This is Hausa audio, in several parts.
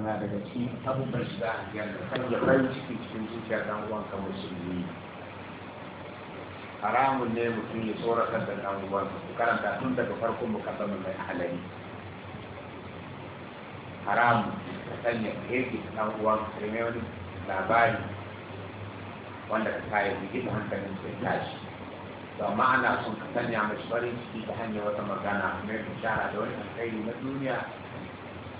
yana daga cikin abubuwan shi za a gyara kan ya farin ciki cikin zuciya dan uwan ka musulmi haramun ne mutum ya tsoratar da dan uwan ku karanta tun daga farkon mukaddama mai halali haramun ka sanya keke dan uwan ka ne wani labari wanda ka kayan jikin hankalin sai tashi amma ana son ka sanya mashi farin ciki ta hanyar wata magana mai bishara da wani alkhairi na duniya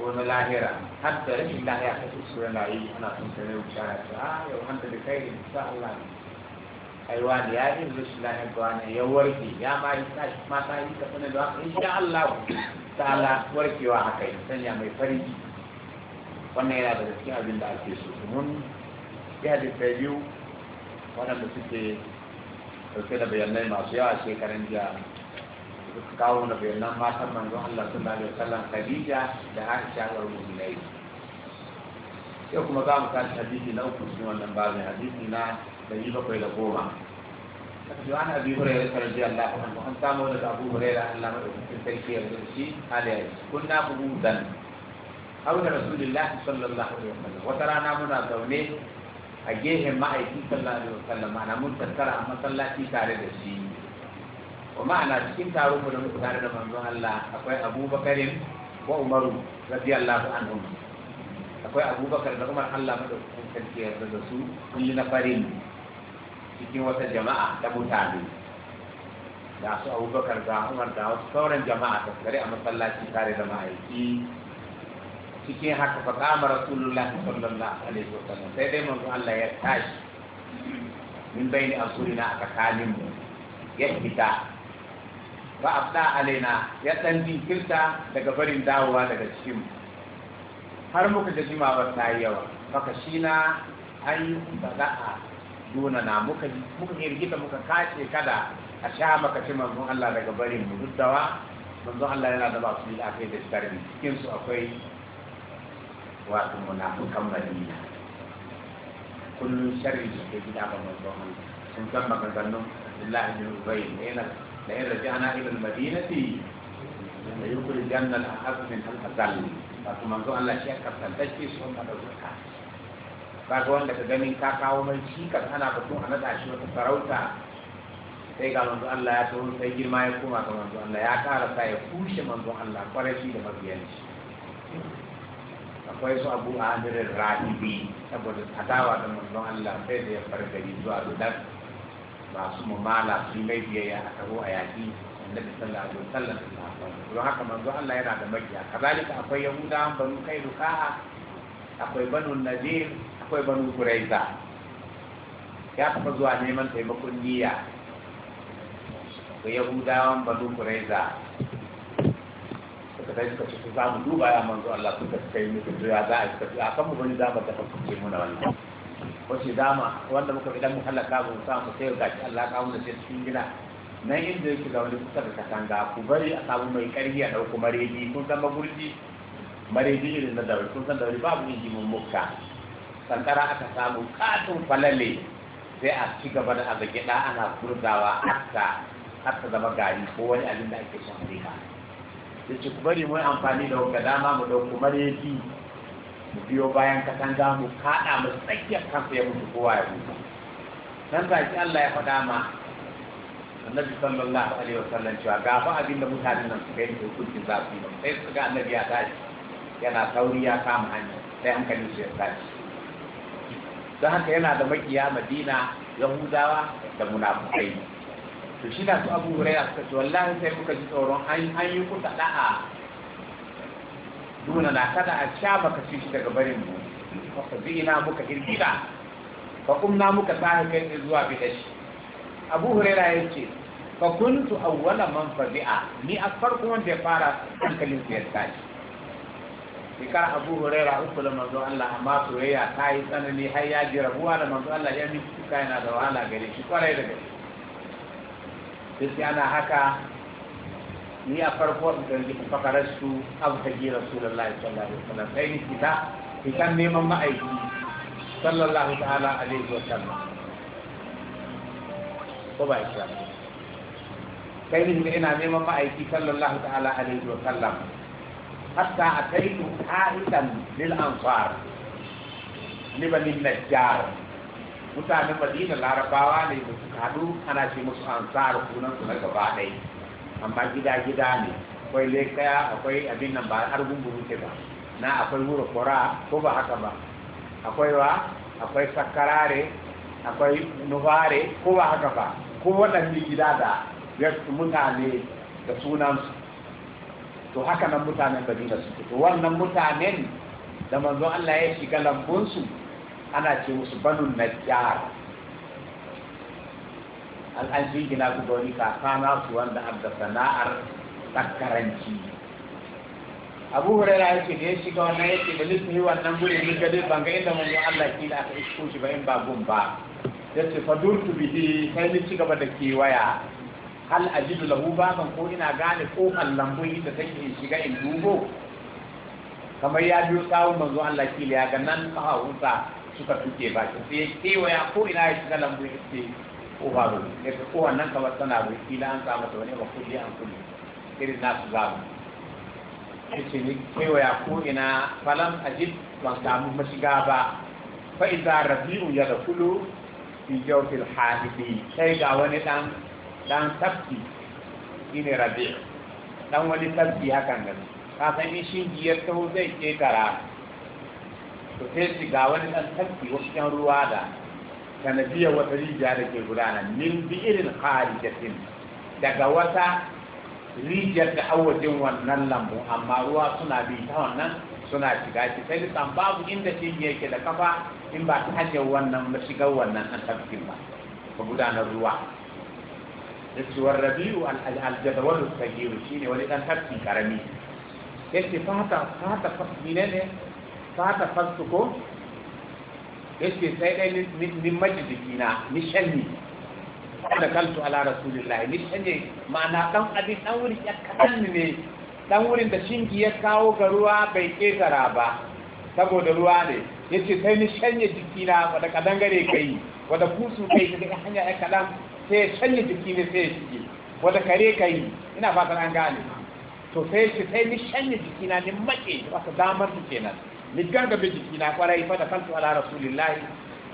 Wani lahira har da rashin lahira ta su sura na ana son ta ne wuta ya ce ah yau hanta da kai da sa Allah ne aiwa da ya yi rashin lahira ga wani ya warke ya ma yi sa ma ta yi ta sanar da haka insha Allah ta'ala warkewa haka yi sanya mai farin wannan yana da gaskiya abin da ake so mun ya da ta biyu waɗanda suke ɗauke da bayanai masu yawa shekaran jiya kawo na bayanan matan manzon Allah sallallahu alaihi wasallam Khadija da Aisha da Mu'minai yau kuma za mu kashi hadisi na uku cikin wannan babin hadisi na dari bakwai da goma da an abi hurairah Allah anhu an samu daga abu hurairah Allah madaukakin sarki ya rubuta shi alayhi kunna qubudan aw da rasulullahi sallallahu alaihi wasallam wata rana muna zaune a gehen ma'aiki sallallahu alaihi wasallam ana mun tattara a masallaci tare da shi wa ma'ana cikin taron da muka tare da manzon Allah akwai abubakarin wa umaru radiyallahu anhu akwai abubakar da umar Allah madaukakin kan ya da su kulli na farin cikin wata jama'a da mutane da su abubakar da umar da wasu sauran jama'a ta tsare a masallaci tare da ma'aiki cikin haka fa kama rasulullahi sallallahu alaihi wasallam sai dai manzo Allah ya tashi min bayni asurina a tsakanin mu ya fita ba abda alaina ya dan jinkirta daga barin dawowa daga cikin har muka da jima ba ta yawa baka shi na an a duna na muka muka girgita muka kace kada a sha maka ci manzon Allah daga barin mu duddawa manzon Allah yana da ba su da akai da sharri cikin su akwai wato munafikan madina kullun sharri da gida ba manzon Allah sun san maganganun Abdullahi bin Ubay ne na لئن رجعنا إلى المدينة ليخرجن الأحد من الأذل wato manzo Allah shi aka tantance su wannan da zuwa kaga wanda ka ganin ka kawo mai shi ka ana batun a nada shi wata sarauta sai ga manzo Allah ya taho sai girma ya koma ga manzo Allah ya kara sa ya kushe manzo Allah kwarai shi da mabiyan akwai su abu a hadirin rahibi saboda adawa da manzo Allah sai da ya fargari zuwa da masu mumala yi mai biyayya a taho a yaƙi sallar su na wasallam don haka manzo Allah yana da magiya kazalika akwai yahuda banu kai ruka'a akwai banu nadir akwai banu quraiza ya taɓa zuwa neman taimakon niyya akwai yahudawan banu quraiza suka tafi suka ce za mu duba ya manzo Allah suka kai mutu ya za a yi a kan mu bani za mu tafi kuce muna wannan wace dama wanda muka idan mu halaka mu samu sai ga Allah ka mu sai cikin gida nan inda yake ga wani kusa da katanga ku bari a samu mai karfi a dauko mareji kun san magurji mareji irin na dauri kun san dauri babu inji mun mukka sankara aka samu katon falale sai a ci gaba da azagida ana gurgawa hatta hatta zama gari ko wani abin da ake son rika yace ku bari mu amfani da wanda dama mu dauko mareji mu biyo bayan katanga mu kaɗa mu tsakiyar kansa ya mutu kowa ya mutu nan ki Allah ya faɗa ma annabi sallallahu alaihi sallam cewa ga fa abin da mutanen nan suka yi hukuncin za su yi sai su ga annabi ya tashi yana sauri ya kama hanya sai hankali su ya tashi don haka yana da makiya madina yahudawa da munafukai to shi na su abu huraira suka ce wallahi sai muka ji tsoron an yi da'a duna na kada a sha baka shi daga barin mu fasa zina muka girgida fa kunna muka tsaya kai zuwa dashi abu huraira yace fa kuntu awwala man fazi'a ni a farko wanda ya fara hankalin ya tashi shekara abu huraira uku da manzo Allah amma soyayya ta yi tsanani har ya ji rabuwa da manzo Allah ya miki kai yana da wahala gare shi kwarai da gaske sai ana haka ni a farko da ji fakarar su abu ta ji rasulullahi sallallahu alaihi wasallam sai ni fita kan neman ma'aiki sallallahu ta'ala alaihi wasallam ko ba shi sai ni da ina neman ma'aiki sallallahu ta'ala alaihi wasallam hatta a ataitu ka'idan lil ansar ni ba bani najjar mutanen madina larabawa ne da su kadu ana ce musu ansar kunan su na gaba ɗaya amma gida gida ne akwai lekaya akwai abin nan ba har gungun ce ba na akwai wuro kora ko ba haka ba akwai wa akwai sakarare akwai nufare ko ba haka ba ko waɗanda gida da ya mutane da sunansu to haka nan mutanen madina suke to wannan mutanen da manzo Allah ya shiga lambunsu ana ce musu banun najjar an an gina su da wani kaka su wanda da sana'ar takaranci. abu huraira ya ce da ya shiga wannan ya ce da yi wannan guri ne ga dai ban ga inda yi Allah ki da aka isko shi ba in ba gun ba ya ce fa durtu bihi sai ni ci gaba da kewaya hal ajidu lahu baban ko ina gane ko lambu da take in shiga in dubo kamar ya biyo tsawon manzo Allah ki ya ga nan hausa suka tuke ba sai kewaya ko ina ya shiga lambun iske kowa ne ne ka kowa nan kamar tana rufe kila an samu ta wani makulli an kulle irin nasu zamu ya ce ni ya ko ina falam ajib ban samu mashiga ba fa idza rabi'u ya da kulu fi jawfil hadithi sai ga wani dan dan tafki ine rabi'u dan wani tafki hakan gani ka san in shingi ya taho zai ketara to sai ga wani dan tafki wasu ruwa da sanadiyar wata rijiya da ke gudana min bi irin kharijatin daga wata rijiyar da awajin wannan lambu amma ruwa suna bi ta wannan suna shiga shi sai san babu inda shi yake da kafa in ba ta hanyar wannan mashigar wannan an tafkin ba ba gudanar ruwa da ciwon rabiu aljadawar sagiru shi ne wani ɗan tafkin karami yake fata fata ne fata fasu ko ce sai dai min jiki na ni shanni da kaltu ala rasulillahi ni ne. ma'ana dan abin dan wuri ya kadan ne dan wurin da shingi ya kawo ga ruwa bai ƙetara ba saboda ruwa ne yace sai ni jiki na, wanda kadan gare kai wanda kusu kai daga hanya ya kaɗan. sai ne jiki ne sai shige wanda kare kai ina fatan an gane to sai shi sai ni jiki na, ni mace wata damar su kenan ni jiki na kwarai fa da kantu ala rasulillah,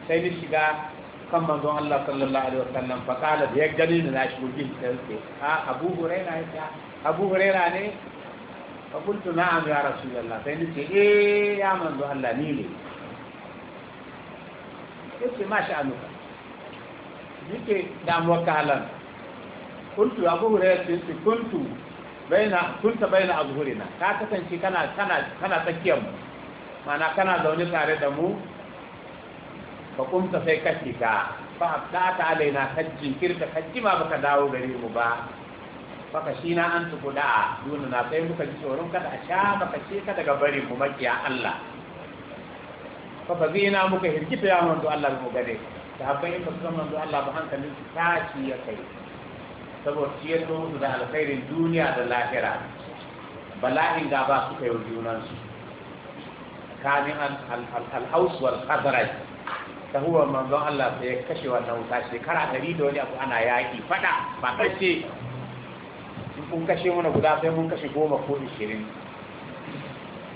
sai ni shiga kan manzon Allah sallallahu alaihi wasallam fa kala da ya gani na shigo jin yake a Abu Huraira ya Abu Huraira ne fa kuntu na'am ya rasulullah sai ni ce eh ya manzon Allah ni ne yace masha Allah yake damuwar kalan kuntu abu hurairah ce ce kuntu baina kunta baina azhurina ka kasance kana kana kana tsakiyar mu mana kana zaune tare da mu ka kumta sai ka shiga fa ta ta alaina hajji kirka hajji ma baka dawo gare mu ba baka shi na an tuku da'a duna na sai muka ji tsoron kada a sha baka ce ka daga bari mu makiya Allah ba zai na muka ta yawon manzo Allah mu gane da hakan yin ba su manzo Allah ba hankalin su ta ci ya kai saboda shi ya zo da alkhairin duniya da lahira bala'in gaba suka yi junansu kamin alhaus wal khazraj ta huwa manzon Allah sai ya kashe wannan wuta shekara ɗari da wani abu ana yaƙi faɗa ba kashe kun kashe mana guda sai mun kashe goma ko ishirin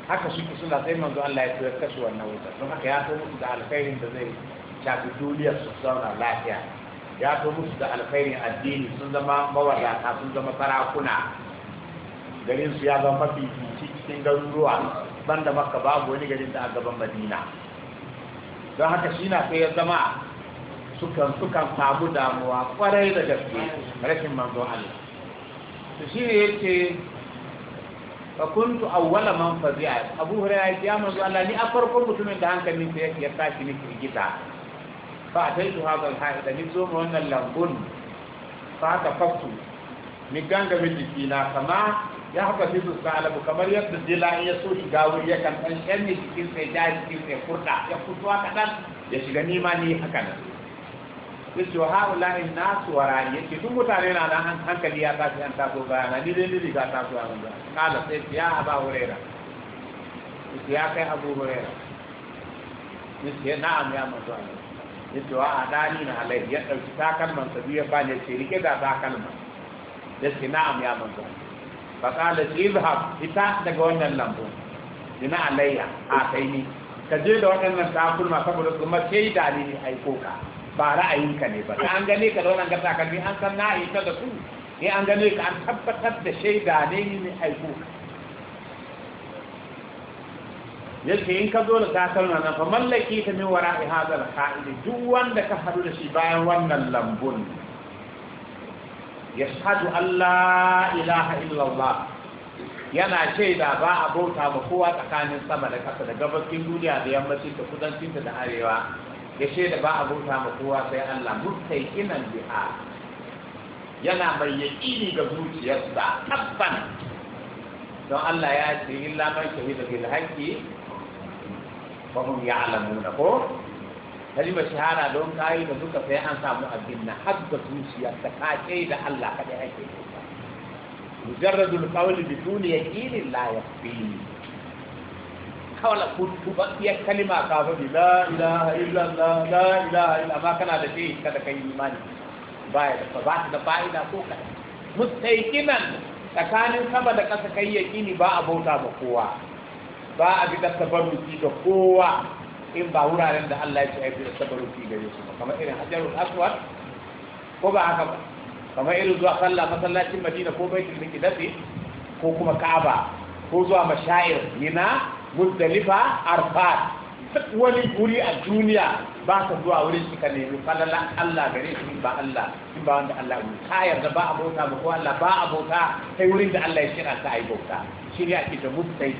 haka suke suna sai manzo Allah ya ya kashe wannan wuta don haka ya so musu da alkhairin da zai shafi duniyar su zauna lafiya ya so musu da alkhairin addini sun zama mawadata sun zama sarakuna garin su ya zama mafi cikin garuruwa banda makka babu wani garin da a gaban madina don haka shi na sai ya zama sukan sukan samu damuwa kwarai da gaske rashin manzo Allah to shi ne yake fa kuntu awwala man fazi'a Abu Hurairah ya manzo Allah ni a farkon mutumin da hankalin sa ya tashi ni kirgita fa ataitu hadha al-haid ni zo mu wannan lambun fa ta faktu ni ganga mi jikina kama ya haka shi su alamu kamar yadda dila ya so shiga wuri ya kan ɗan ɗan ne cikin sai ja cikin sai furta ya fitowa kaɗan ya shiga nima ni haka nan ya ce wa na su wa rani ya ce duk mutane na nan hankali ya tashi an taso bayana ni dai ni ta taso a wanda kala sai ya aba hurera ya ya kai abu hurera ya ce na'am ya manzo Allah ya ce wa dani na halai ya ɗauki takalman sabi ya bani ya ce rike da takalman ya ce na'am ya manzo Allah fa qala izhab fita daga wannan lambu ina alayya a ni ka je da waɗannan takulma saboda kuma sai da ni aiko ka ba ra'ayinka ne ba an gane ka da wannan gata kalmi an san na yi ta da su ne an gane ka tabbatar da shaida ne ka yake in ka zo da takalma na fa mallaki ta min wara'i hadal duk wanda ka hadu da shi bayan wannan lambun yashhadu Allah ilaha illallah yana shaida ba a bauta ma kowa tsakanin sama da ƙasa da gabashin duniya da yammaci da kudancin da arewa ya shaida ba a bauta ma kowa sai Allah inan biha yana mai yaqini ga zuciyarsa tabban don Allah ya ce illa man shahida bil haqqi fa hum ya'lamuna ko riba shahara don kayi da duka sai an samu abin na har da zuciya ta kace da Allah kada yake مجرد bi بدون يقين لا يكفي kawala kutuba iya kalima ka faɗi la ilaha illa Allah la ilaha illa ma kana da shi kada kai imani baya da ba da fa'ida ko kada mustaiqinan tsakanin sama da ƙasa kai yaqini ba a bauta ba kowa ba a bi da tabarruki da kowa in ba wuraren da Allah ya ce aiki da sabaru fi gare su ba kamar irin hajarul aswad ko ba haka ba kamar irin zuwa sallah masallacin madina ko baitul miqdis ko kuma ka'aba ko zuwa mashayir yana muzdalifa arfat wani guri a duniya ba ka zuwa wurin shi ka nemi falala Allah gare shi ba Allah shi ba wanda Allah ya ka yarda ba abota ba ko Allah ba abota sai wurin da Allah ya shirya ta ai bauta shi ne ake da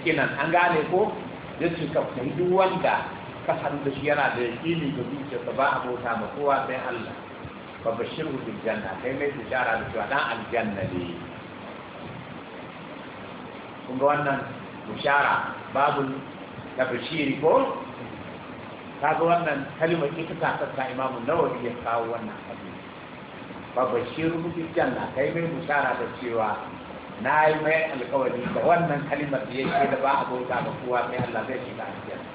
kenan an gane ko yace ka fahimci wanda ka da shi yana da yaƙini ga zuciyarsa ba a bauta ma kowa sai Allah ba bashiru bil janna kai mai bishara da cewa dan aljanna ne kun ga wannan bishara babu da bashiri ko ga wannan kalmar ita ta sassa imamu nawawi ya kawo wannan hadisi ba bashiru bil janna kai mai bishara da cewa na yi mai alkawari da wannan kalimar da yake da ba a bauta ma kowa sai Allah zai shiga aljanna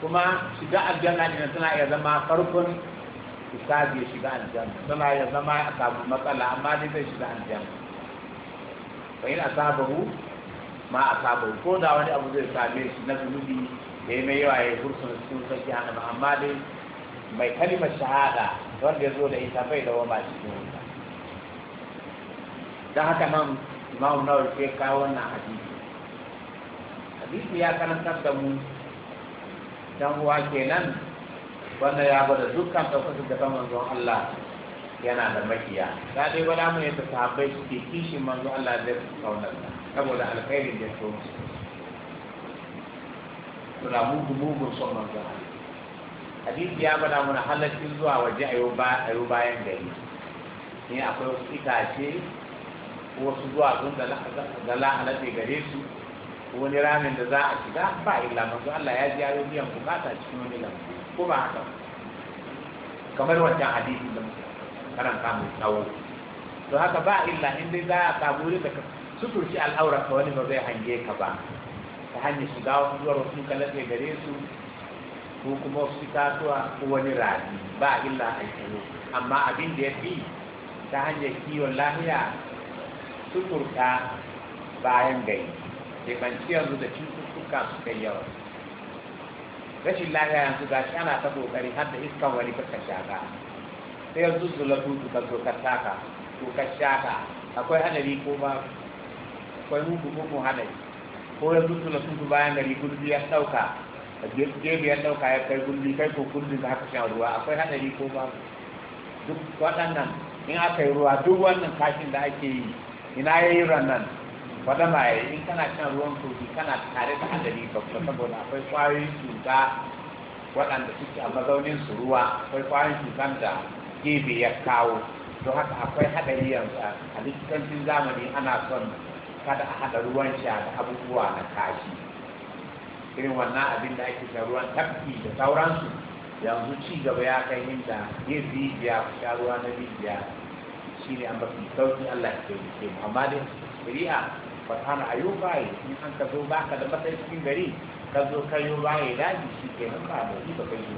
kuma shiga aljanna ne tana iya zama farkon hisabi ya shiga aljanna tana iya zama a samu matsala amma dai zai shiga aljanna fa in asabahu ma a asabahu ko da wani abu zai same shi na zunubi da ya mai yawa ya gursun cikin hana ba amma dai mai kalimar shahada wanda ya zo da ita bai da wama cikin wuta don haka nan imamu nawawi sai kawo wannan hadisi hadisi ya karantar da mu dan uwa kenan wanda ya bada dukkan ɗaukar da kan manzon Allah yana da makiya da dai wala mu yadda sahabbai ke kishin manzon Allah da kaunar sa saboda alkhairin da ya so mu mu mugun so manzon Allah hadisi ya bada mana halaccin zuwa waje a yau bayan gari ne akwai wasu itace wasu zuwa sun da la'alace gare su wani ramin da za a shiga ba illa manzo Allah ya ji yayin biyan bukata cikin wani lambu ko ba haka kamar wancan hadisi da muke karanta mu tsawo to haka ba illa in dai za a samu wuri da suturci al'aura ka wani ba zai hange ka ba ta hanyar shiga wasu zuwa wasu kalafe gare su ko kuma wasu kasuwa ko wani rami ba illa a yi amma abin da ya fi ta hanyar kiwon lafiya suturta bayan gari kebanci ciyar da cututtuka suka yi yawa rashin lafiya yanzu ga shi ana ta kokari har da iskan wani ka shaka sai yanzu zulatu ka zo ka saka to ka shaka akwai hadari ko ba akwai mutu ko mu hadari ko yanzu zulatu bayan gari gurbi ya dauka gebe ya sauka ya kai gurbi kai ko gurbi ka haka shan ruwa akwai hadari ko ba duk waɗannan in aka yi ruwa duk wannan kashin da ake yi ina ya yi rannan fadama ya in kana shan ruwan kogi kana tare da hadari babba saboda akwai kwayoyin cuta waɗanda suke a mazaunin su ruwa akwai kwayoyin cuta da gebe ya kawo don haka akwai haɗari yanzu a likitancin zamani ana son kada a haɗa ruwan sha da abubuwa na kashi irin wannan abin da ake shan ruwan tafki da sauransu yanzu ci gaba ya kai inda yin rijiya ku sha ruwa na rijiya shine ba mafi sauki Allah ya ke mu amma dai ba ta hana ayyuka yi in an ka zo ba ka da matsayin cikin gari ka zo ka yi baya daji shi ke nan ba da ba kai yi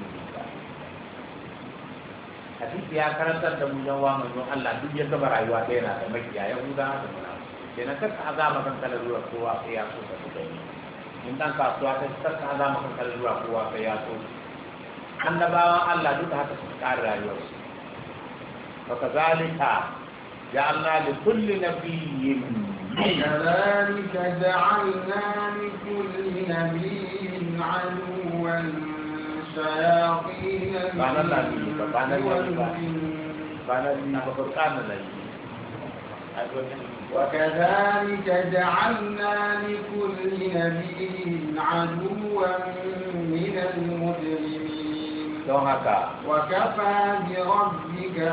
hadisi ya karanta da mu yan wa manzon Allah duk ya zama rayuwa ta yana da makiya ya huda da muna sai na kanka azama kan kala ruwa kowa sai ya so ka duka yi. in dan kasuwa ta kanka azama kan kala ruwa kowa sai ya so annabawan Allah duk duka haka su kare rayuwar su fa kazalika ja'alna li kulli nabiyyin كذلك جعلنا لكل نبي عدوا شياطين وكذلك جعلنا لكل نبي عدوا من المجرمين وكفى بربك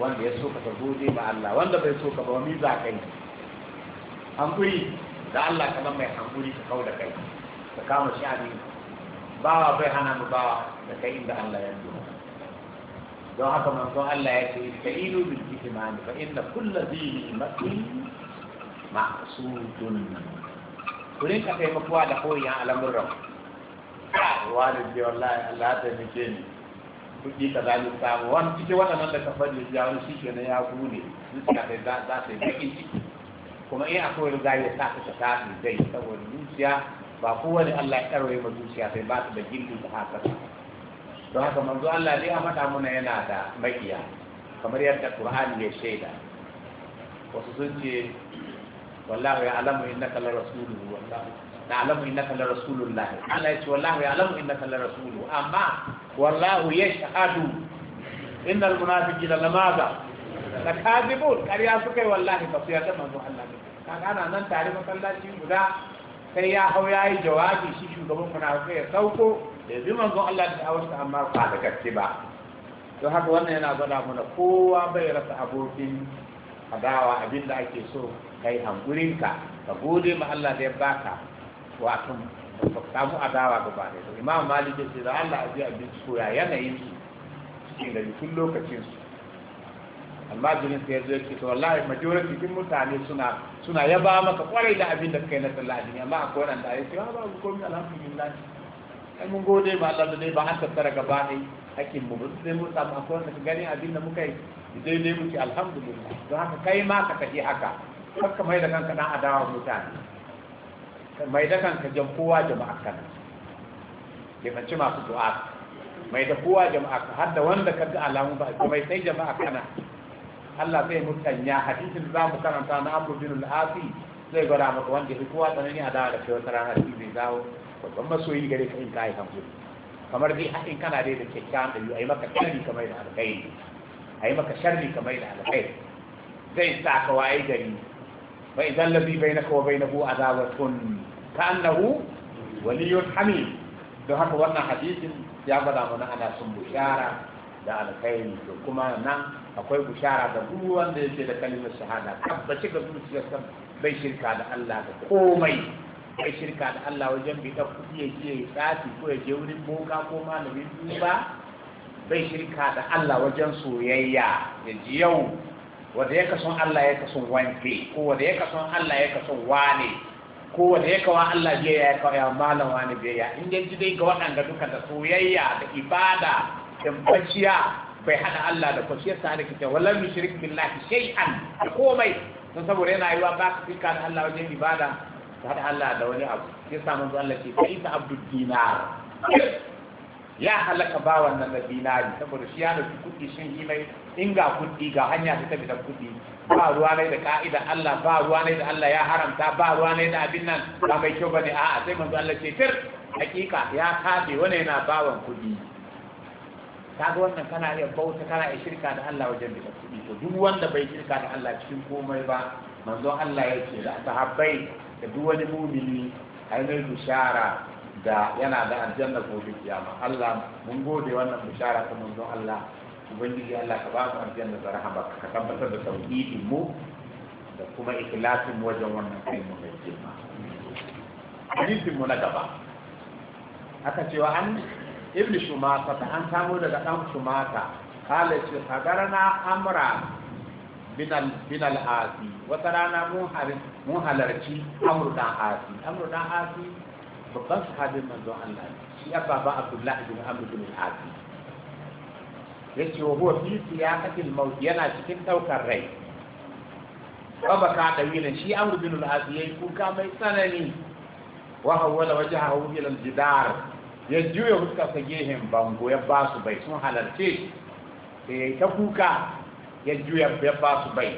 wanda ya so ka gode ba Allah wanda bai so ka ba mi za kai hankuri da Allah ka mai hankuri ka kau da kai ka kama shi bawa bai hana mu bawa da kai inda Allah ya zo don haka manzon Allah ya ce ta'inu bil ihtimani fa inna kullu dhi matin ma'sudun ku rinka kai makuwa da koyan al'amuran walidi wallahi Allah ta mike ni kuɗi ka za ni samu wani cikin waɗannan da ka fadi ya wani shi ke na ya gune zuciya da za ta yi baƙin ciki kuma in akwai wani riga ya sa ta ta zai saboda zuciya ba kowane Allah ya karwaye ma zuciya sai ba su da gindin da haka don haka manzo Allah dai a faɗa muna yana da makiya kamar yadda Qur'ani ya shaida wasu sun ce wallahu ya alamu innaka la rasuluhu wallahu na alamu innaka la rasulullahi Allah ya ce wallahu ya alamu innaka la rasuluhu amma wallahu yashhadu innal munafiqina lamaza lakazibun ƙarya suka yi wallahi ba su yarda manzo Allah ne kaga ana nan tare masallaci guda sai ya hau ya yi jawabi shi shugaban munafiqai ya sauko da bi manzo Allah da hawarsa amma ba da gaske ba to haka wannan yana gwada mana kowa bai rasa abokin adawa abinda ake so kai hankulinka ka gode ma Allah da ya baka wato ba samu adawa gaba ne to imam malik ya ce da Allah a ji a su ya yanayin su cikin da tun lokacin su amma jinin sai yazo yake to wallahi majority din mutane suna suna yaba maka kwarai da abin da kai na sallah addini amma akwai wanda ya ce ah, ba ku komai alhamdulillah ai mun gode ba Allah da dai ba an tattara gaba ne hakkin mu sai mun samu akwai wanda gani abin da muka yi daidai muke alhamdulillah don haka kai ma ka tafi haka kakka mai da kanka dan adawa mutane mai da kanka jan kowa jama'a kan ya kanci masu du'a mai da kowa jama'a kan har da wanda ka ga alamu ba kuma mai sai jama'a kana Allah zai mutanya hadisin za mu karanta na Abu bin al-Asi zai gwada maka wanda ya kowa tsanani a dawa da kai wata rana shi zai dawo babban masoyi gare ka in ka yi hankali kamar dai haɗin kana dai da kyakkyawan ɗabi'u a yi maka sharri kamar da alkhairi a yi maka sharri kamar da alkhairi zai sa ka waye gari fa idan ladhi bainaka wa bainahu adawatun ka'annahu waliyyun hamid don haka wannan hadisin ya bada mana ana sun bushara da alkhairi to kuma nan akwai bushara da duk wanda yake da kalimar shahada tabbaci ga zuciyarsa bai shirka da Allah da komai bai shirka da Allah wajen bi da kuɗi ya je ko ya je wurin boka ko malamin duba bai shirka da Allah wajen soyayya ya ji yau wanda ya kasan Allah ya kasan wanke ko wanda ya kasan Allah ya kasan wane ko wanda ya kawo Allah biyayya ya kawa malam wane ya in yanzu dai ga waɗanda duka da soyayya da ibada da bacciya bai hada Allah da kwaciyar sa da kike wallan mushrik billahi shay'an komai don saboda yana yiwa ba ka fika da Allah wajen ibada ka hada Allah da wani abu sai samu Allah ke fa isa abdud dinar ya halaka bawan wannan na dinari saboda shi ya nufi kuɗi sun yi mai in ga kuɗi ga hanya ta tafi da kuɗi ba ruwa ne da ka'ida Allah ba ruwa ne da Allah ya haramta ba ruwa ne da abin nan ba mai kyau bane a'a sai manzo Allah ce fir hakika ya kabe wani yana bawan kuɗi kaga wannan kana iya bauta kana iya shirka da Allah wajen da kuɗi to duk wanda bai shirka da Allah cikin komai ba manzo Allah ya ce da sahabbai da duk wani mumini ayi mai bishara da yana da aljanna gobe kiyama Allah mun gode wannan bishara ta manzon Allah ubangiji Allah ka ba mu aljanna da rahama ka tabbatar da tauhidin mu da kuma ikhlasin wajen wannan kai mu mai girma hadisin mu na gaba aka cewa an ibnu shumata ta an samu daga dan shumata kala ce sagarana amra binal binal asi wata rana mun halarci amru dan asi amru dan asi babban sahabin manzon Allah shi abba ba Abdullah ibn Amr ibn al-As yace wa huwa fi siyaqatil maut yana cikin daukar rai baba ka dawila shi Amr bin al-As yayi kuka mai tsanani wa hawala wajhahu ila al-jidar ya juya huska sa gehen bango ya ba su bai sun halarce sai ya ta kuka ya juya ya ba su bai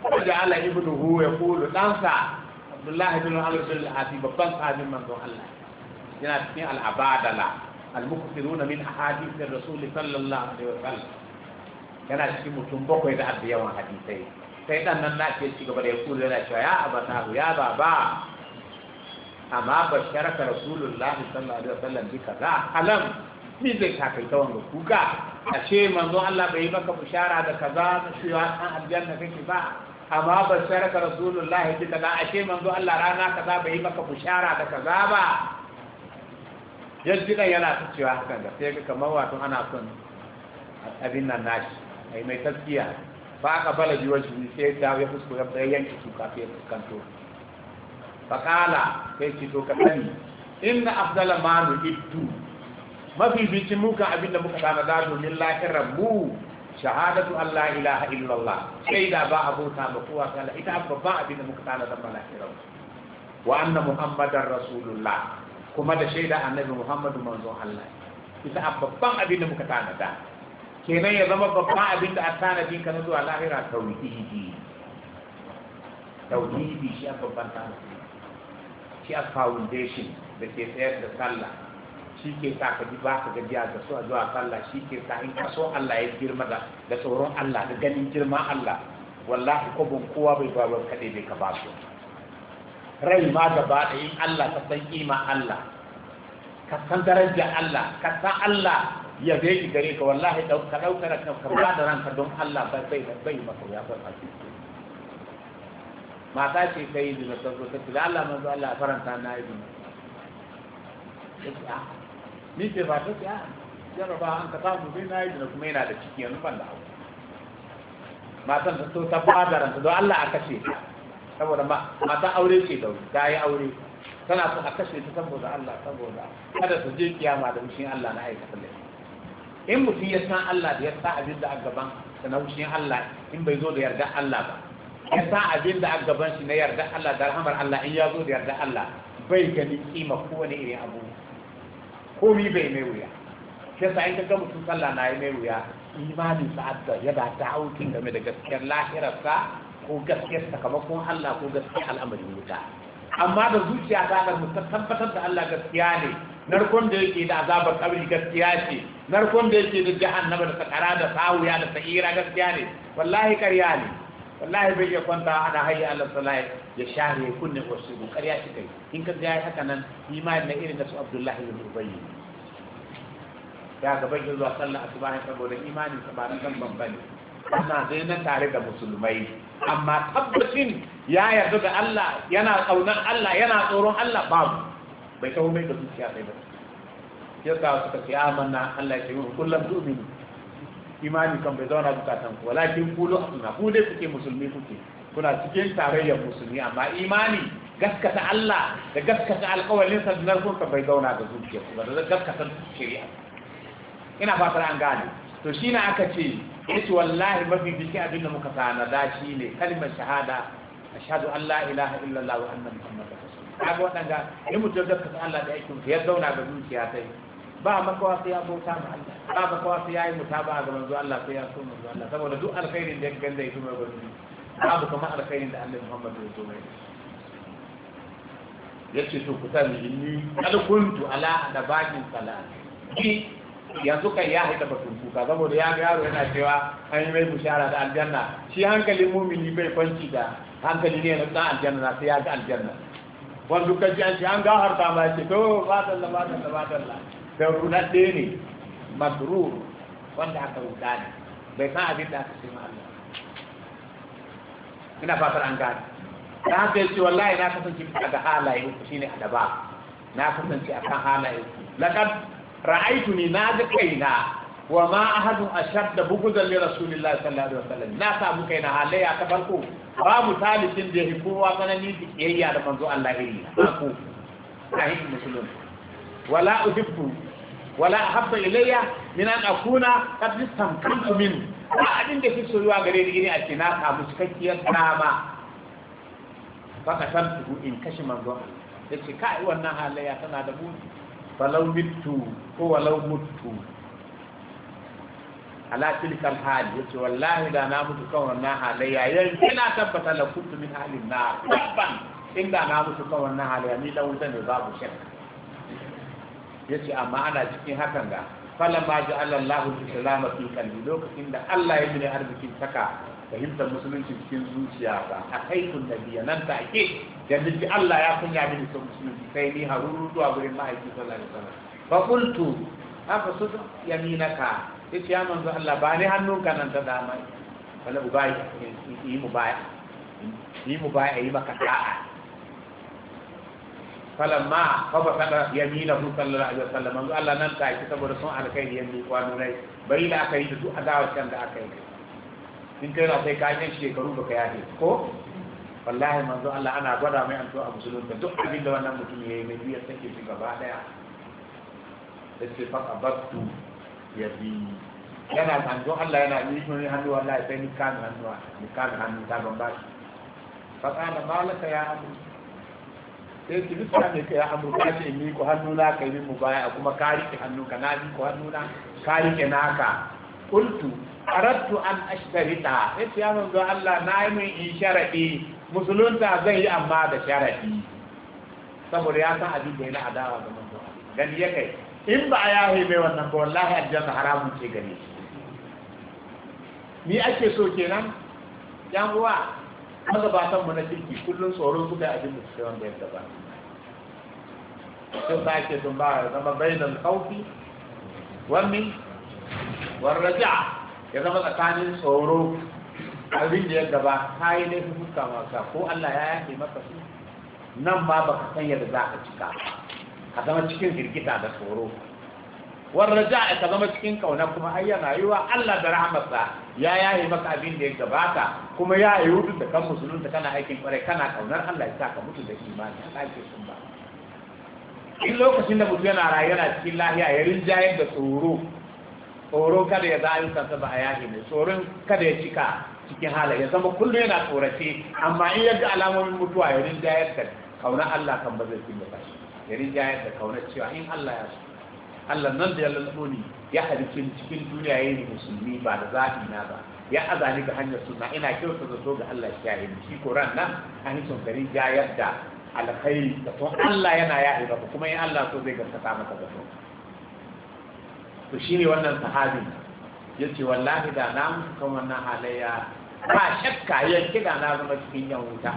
Wajen Allah ibn Hu ya kulu dansa. abdullahi bin al-rasul al-hadi babban sahabin manzon Allah yana cikin al-abadala al-mukhbiruna min ahadith ar-rasul sallallahu alaihi wa sallam yana cikin mutum bakwai da abda yawan hadisai sai dan nan na ce ci gaba da ya kula yana cewa ya abatahu ya baba amma basharaka rasulullah sallallahu alaihi wa sallam bi kaza alam ni zai takaita wannan kuka ashe manzon Allah bai maka bishara da kaza na cewa an aljanna kake ba amma bashara ka rasulullah bi kaza ashe manzo Allah rana kaza bai maka bushara da kaza ba yadda yana ta cewa hakan da sai ga kamar wato ana son abin nan nashi ai mai taskiya ba ka bala jiwa shi sai da ya fusko ya yanki su kafin kanto faƙala sai ce to ka sani inna afdala ma nu iddu mafi bici muka abinda muka tana da domin lahirar mu shahadatu Allah ilaha illallah sai da ba abota ba kowa kala ita babban abin da muka tana zama lahirar wa anna muhammadar rasulullah kuma da shaida annabi muhammadu manzon Allah ita babban abin da muka tana da kenan ya zama babban abin da a tana din ka na zuwa lahira tauhidi tauhidi shi a babban tana shi a foundation da ke tsayar da sallah shi ke sa ka ji ba ka gajiya da su a zuwa sallah shi ke sa in ka so Allah ya girma da da tsoron Allah da ganin girma Allah wallahi ko ban kowa bai ba wani kade bai ka ba su rai ma gaba ɗaya in Allah ka san kima Allah ka san daraja Allah ka san Allah ya zai ki gare ka wallahi ka ɗauka da ka ba da ranka don Allah bai bai bai maka ya bar mata ce kai da ta zo ta ce Allah manzo Allah faranta na yi ya ni ce ba ta ya jaraba an ka samu sai na yi da kuma yana da ciki yanzu ban da hau matan ta so ta ta don Allah a kashe ta saboda mata aure ce da ta yi aure tana so a kashe ta saboda Allah saboda kada su je kiyama da mushin Allah na aikata ne in mutum ya san Allah da ya sa abin da a gaban da na mushin Allah in bai zo da yarda Allah ba ya sa abin da a gaban shi na yarda Allah da rahamar Allah in ya zo da yarda Allah bai ganin kima kowane irin abu komi bai mai wuya shi yasa in kaga mutum sallah na yi mai wuya imanin sa adda ta da aukin game da gaskiyar lahirarsa ko gaskiyar sakamakon Allah ko gaskiyar al'amari wuta amma da zuciya ta da mutum tabbatar da Allah gaskiya ne narkon da yake da azabar kabri gaskiya ce narkon da yake da jahannama da sakara da sawuya da sa'ira gaskiya ne wallahi karya ne wallahi bai iya kwanta ana hayi Allah salai ya share kunne wasu mu ƙarya shi kai in ka ga haka nan ni ma na irin da su Abdullahi bin Ubayy ya ga bai zuwa sallar asuba saboda imanin sa ba na kan bambani ana zai tare da musulmai amma tabbacin ya yarda da Allah yana kaunar Allah yana tsoron Allah babu bai kawo mai da zuciya sai ba yasa suka ce amanna Allah ya ce kullum tu'minu imani kan bai zauna zukatan ku walakin kulu asuna ku dai kuke musulmi kuke kuna cikin tarayyar musulmi amma imani gaskata Allah da gaskata alƙawarin sa dinar kun bai zauna ga zuciya ku ba da gaskata shari'a ina fatar an gane to shi na aka ce yace wallahi mafi biki abin da muka tanada shine kalmar shahada ashhadu an la ilaha illallah wa anna muhammadar rasulullah kaga wadanga in mutum gaskata Allah da aikin ya zauna ga zuciya sai ba makawa sai ya bauta ma Allah ba makawa sai ya yi a ga manzo Allah sai ya so manzo Allah saboda duk alkhairin da ya ganda ya tuma gurin babu kuma alkhairin da Annabi Muhammad ya zo mai yace to ku sani inni kad kuntu ala adabatin salat ki yanzu kai ya haita sun kuka saboda ya ga yaro yana cewa an yi mai bushara da aljanna shi hankalin mumini bai kwanci da hankali ne na dan aljanna sai ya ga aljanna wanda kaji an ce an ta ma ce to ba da ba da ba da da ruɗaɗɗe ne masrur wanda aka ruɗa ne bai san abin da aka ce ma Allah ina fatar an gane ta haka yace wallahi na kasance bisa ga halaye uku shine adaba na kasance akan halaye uku laqad ra'aytuni na ga kaina wa ma ahadun ashadda bughdan li rasulillahi sallallahu alaihi wasallam na samu kaina halayya ta farko babu talibin da yake kowa tsanani da kiyayya da manzo Allah ya iri ko ahin musulun wala uhibbu wala habba ilayya min an akuna qad istamkantu min ba abin da kike soyuwa gare ni ne a ce na samu cikakkiyar dama fa ka san tu in kashi manzo yace kai wannan halayya tana da buci falau mittu ko walau muttu ala tilkal hal yace wallahi da na mutu kan wannan halayya yanzu na tabbata la kuntu min halin na tabban inda na mutu kan wannan halayya ni dan wuta ne babu shakka yace amma ana cikin hakan ga falamma ja'ala Allah al-islama fi kalbi lokacin da Allah ya yi arzikin saka fahimtar musulunci cikin zuciya ba a kai da biya nan ta ake yanzu ji Allah ya kunya mini son musulunci sai ni haruru zuwa gurin ma'aiki sallallahu alaihi wasallam fa qultu haka su yaminaka yace ya manzo Allah ba ni hannunka nan ta dama wala ubai yi mu baya yi mu baya yi maka falamma fa kada yaminahu sallallahu alaihi wasallam manzo Allah nan ta yi saboda sun alkai yanzu kwano rai bari da aka yi da duk adawa can da aka yi in kai sai ka yi shekaru baka yafe ko wallahi manzo Allah ana gwada mai anto a musulunta duk abin da wannan mutum yayi mai biyar sake shi gaba daya sai fa abattu yadi yana manzo Allah yana yi mun hannu wallahi sai ni kan hannu ni kan hannu ta gaba fa kana malaka ya abu sai su bisa ne kai hannu ka ce mi ko hannu na kai mi mu baya kuma ka rike hannu ka na ko hannu na ka rike naka kultu aradtu an ashtarita yace ya manzo Allah na yi min in sharadi musulunta zan yi amma da sharadi saboda ya san abin da yana adawa ga manzo gani ya kai in ba a yi mai wannan ba wallahi aljanna haramun ce gare shi ni ake so kenan yan uwa magabatan mu na kirki kullum tsoron su kai abin da suke wanda ya gaba sai ka ake sun ba zama bainal khawfi wani warraja ya zama tsakanin tsoro abin da ya gaba Ta yi su fuska maka ko Allah ya yafe maka su nan ba ka san yadda za ka cika ka zama cikin girgita da tsoro Warra warraja ka zama cikin kauna kuma ai yana yiwa Allah da rahmatsa ya yaye maka abin da ya gabata kuma ya yi hudu da kan musulunta kana aikin kwarai kana kaunar Allah ya saka mutu da imani a ke sun ba in lokacin da mutu yana rayu yana cikin lahiya ya rinjayar da tsoro tsoro kada ya za'a kansa ba a yaki ne tsoron kada ya cika cikin halaye ya zama kullum yana tsorace amma in yadda alamomin mutuwa ya rinjayar da kaunar Allah kan ba zai fi da ya rinjayar da kaunar cewa in Allah ya so Allah nan da ya lantso ni ya halicin cikin duniya ya yi musulmi ba da zaɓi na ba ya azani ga hanyar suna ina kyauta zato ga Allah ya yi shi Quran nan an yi sunkari jayar yadda alkhairi da tun Allah yana yaɗe ba kuma in Allah so zai gaskata maka da to to shine wannan sahabin yace wallahi da na mutu kan wannan halayya ba shakka yanki da na zama cikin yan wuta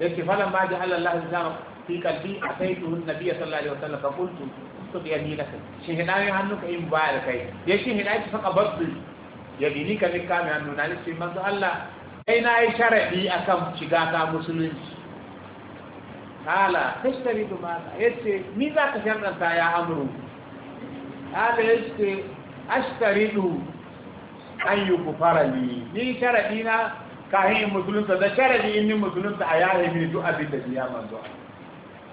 yake falan ma ji Allah Allah ya fi kalbi a sai tuhun sallallahu alaihi wasallam fa qultu tabassu bi yaminaka shi hina ne ka in baya da kai ya shi hina ki saka bi ni ka ni kame hannu na ni sai manzo Allah kai na yi sharadi akan shiga ka musulunci kala tashtari mata. ma ce ni za ka sharɗanta ya amru kala yace ashtaridu an yi fara ni ni sharadi na kahin musulunta da sharadi in ni musulunta a yare ni duk abin da biya manzo Allah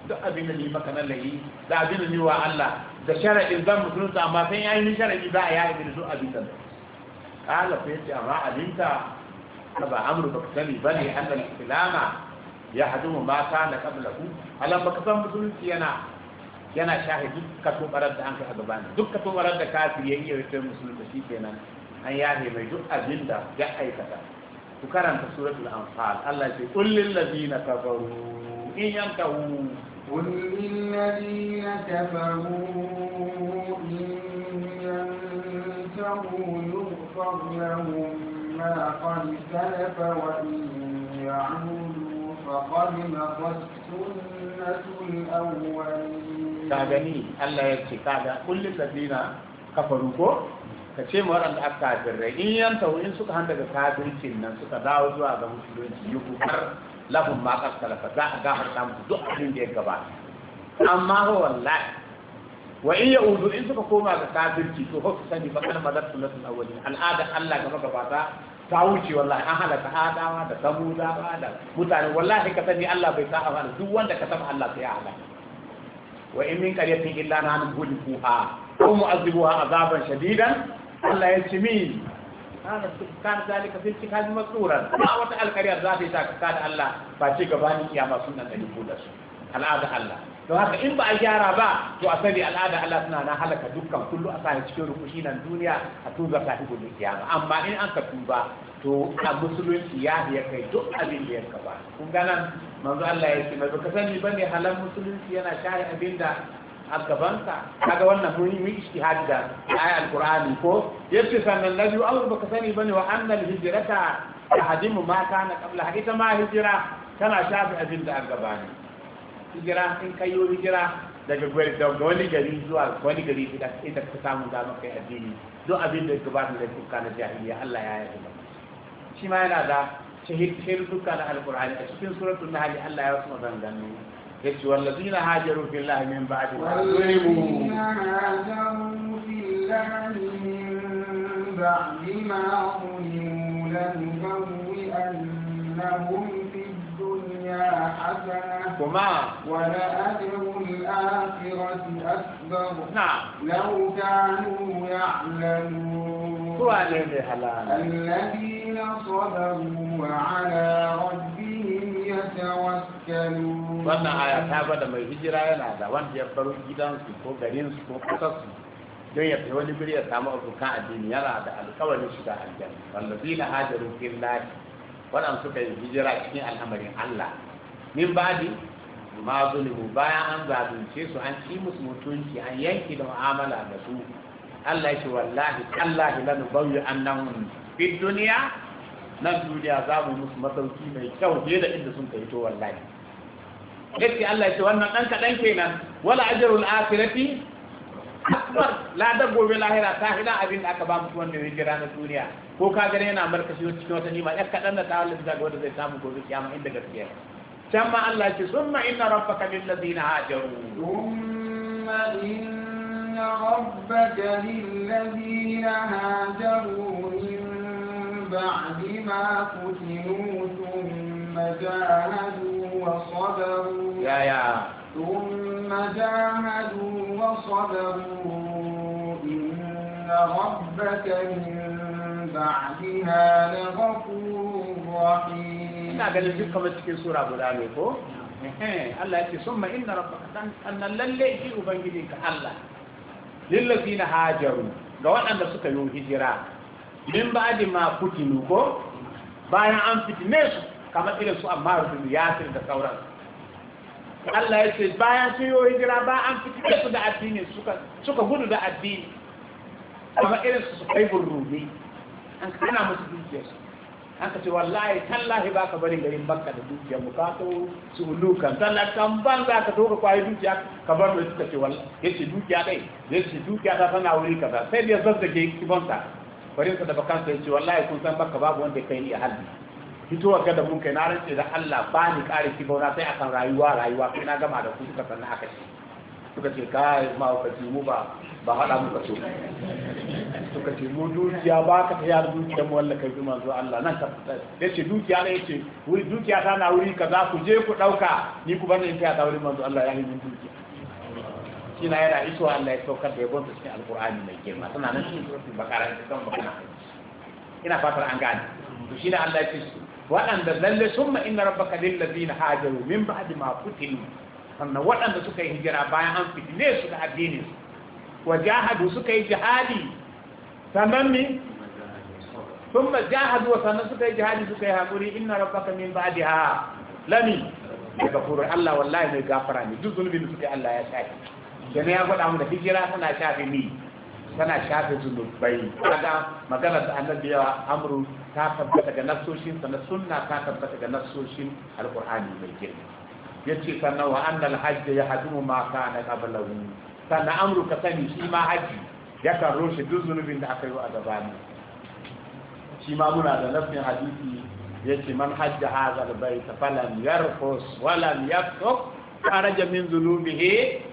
duk abin da ni maka na layi da abin da ni wa Allah da sharaɗin zan musulunta amma sai ya yi sharaɗi za a yi abin da duk abin da kala fa yace amma abinta ka ba amru ba sani ba ne annal islama ya hadumu ma kana qablahu alam baka san musulunci yana yana shahidi ka barar da an kai a gabanin duk ka barar da kafiri ya wuce rufe musulunci shi kenan an yahe mai duk abin da ya aikata ku karanta suratul anfal Allah ya ce kullil ladina kafaru in yantahu قل للذين كفروا إن ينتهوا يغفر لهم ما قد سلف وإن يعودوا فقد مضت سنة الأولين. كاغني ألا يكفي كاغا كل الذين كفروا ka ce mu waɗanda aka kafirai in yanta in suka hanta ga kafircin nan suka dawo zuwa ga musulunci yi Har lafin ma kaskalaka za a gafarta musu duk abin da ya gabata amma ho wallahi wa in ya udu in suka koma ga kafirci to ho su sani bakar madar sunnatul awwalin al'adar Allah ga magabata ta wuce wallahi an halaka adawa da samudawa da mutane wallahi ka sani Allah bai sa amana duk wanda ka taba Allah sai ya halaka wa in min qaryatin illa nahnu mulkuha aw mu'azzibuha azaban shadidan Allah ya ce min kana kana zalika fi kitabi masura ba wata alƙaryar za ta yi takaka da Allah ba ce gabanin kiyama sunan da duk da su al'ada Allah don haka in ba a gyara ba to a sani al'ada Allah suna na halaka dukkan kullu a sani cikin rukushi nan duniya a tuba ta fi gudun kiyama amma in an ka tuba to a musulunci ya ya kai duk abin da ya kaba kun ga nan manzo Allah ya ce mai baka sani ne halan musulunci yana share abinda. a gabansa kaga wannan muni mu ijtihad da ayat alqur'ani ko yace sannan nabi Allah baka sani bane wa annal hijrata tahdimu ma kana qabla ita ma hijira tana shafi abin da an gabani hijira in kayo hijira daga gwari da wani gari zuwa wani gari da ita ka samu dama kai addini duk abin da gabata da kuka na jahiliya Allah ya yi shi ma yana da shahid shahid dukkan alqur'ani a cikin suratul nahl Allah ya wasu maganganu والذين هاجروا في الله من بعد ما ظلموا هاجروا في الله من بعد ما ظلموا في الدنيا حسنة وما ولأجر الآخرة أكبر نعم لو كانوا يعلمون الذين صبروا وعلى ربهم wannan aya ta da mai hijira yana da wanda ya baro gidansu ko garinsu ko kasarsu don ya fi wani biri ya samu abokan addini yana da alkawarin shiga aljanna wallazina rufin fillahi waɗanda suka yi hijira cikin al'amarin Allah min ba badi ma zulimu bayan an zalunce su an ci musu mutunci an yanke da mu'amala da su Allah shi ce wallahi Allah lanu bawi annahum fid duniya? nan duniya za mu musu masauki mai kyau fiye da inda sun kai to wallahi gaske Allah ya ce wannan dan kadan kenan wala ajrul akhirati akbar la da gobe lahira ta hina abin da aka ba mutu wanda ya jira na duniya ko ka gane yana markashi cikin wata nima yar kadan da ta Allah da wanda zai samu gobe kiyama inda gaskiya can ma Allah ya ce summa inna rabbaka lil ladina hajaru thumma inna rabbaka lil ladina hajaru بعد ما فتنوا ثم جاهدوا وصبروا يا يا ثم جاهدوا وصبروا إن ربك من بعدها لغفور رحيم ina ganin duk kamar cikin sura guda ne ko Allah ya ce summa inna rabbaka dan annan lalle shi ubangijinka Allah na hajaru ga waɗanda suka yi hijira min ba'di ma kutinu ko bayan an fitine su kama irin su amma ya yasir da sauran Allah ya ce bayan sun yi hijira ba an fitine su da addini suka suka gudu da addini kama irin su su kai burrumi an kana musu dukiyar su an ka ce wallahi tallahi ba ka bari garin banka da dukiyar mu ka to su lukan kan ban za ka doka kwaye dukiya ka bar da suka ce wallahi ya ce dukiya dai ya ce dukiya ta tana wuri kaza sai da ya ke kibansa bari ka da bakan sai ce wallahi kun san baka babu wanda kai ni a halin fitowar ga da mun kai na rance da Allah ba ni kare ki na sai akan rayuwa rayuwa kai na gama da ku suka sanna haka ce suka ce kai ma ka ji mu ba ba hada mu so suka ce mu dukiya ba ka ta yar dukiya mu wallahi kai kuma zuwa Allah nan ta yace dukiya ne yace wuri dukiya ta na wuri kaza ku je ku dauka ni ku bar ni ta ta wuri manzo Allah ya yi min dukiya shi na yana isuwa Allah ya saukar da yabon cikin alkur'ani mai girma tana nan cikin suratul bakara cikin bakana ina fatar an gane to shi na Allah ya ce waɗanda lalle summa inna rabbaka lil ladina hajaru min ba'di ma futinu sannan waɗanda suka yi hijira bayan an fitine su da addinin su wa jahadu suka yi jihadi sannan mi summa jahadu wa sannan suka yi jihadi suka yi hakuri inna rabbaka min ba'diha lami daga furar Allah wallahi mai gafara ne duk zulubin da suka yi Allah ya shafi ne ya faɗa mu da hijira tana shafe ni tana shafe zunubai kaga magana da annabi yawa amru ta tabbata ga nasoshin sa na sunna ta tabbata ga nasoshin alqur'ani mai girma yace sannan wa annal hajj yahdumu ma kana qablahu sannan amru ka sani shi ma haji yakan roshe duk zunubin da aka yi a gabani shi ma muna da nafin hadisi yace man hajja hadha albayt falam yarfus walam ta kharaja min dhunubihi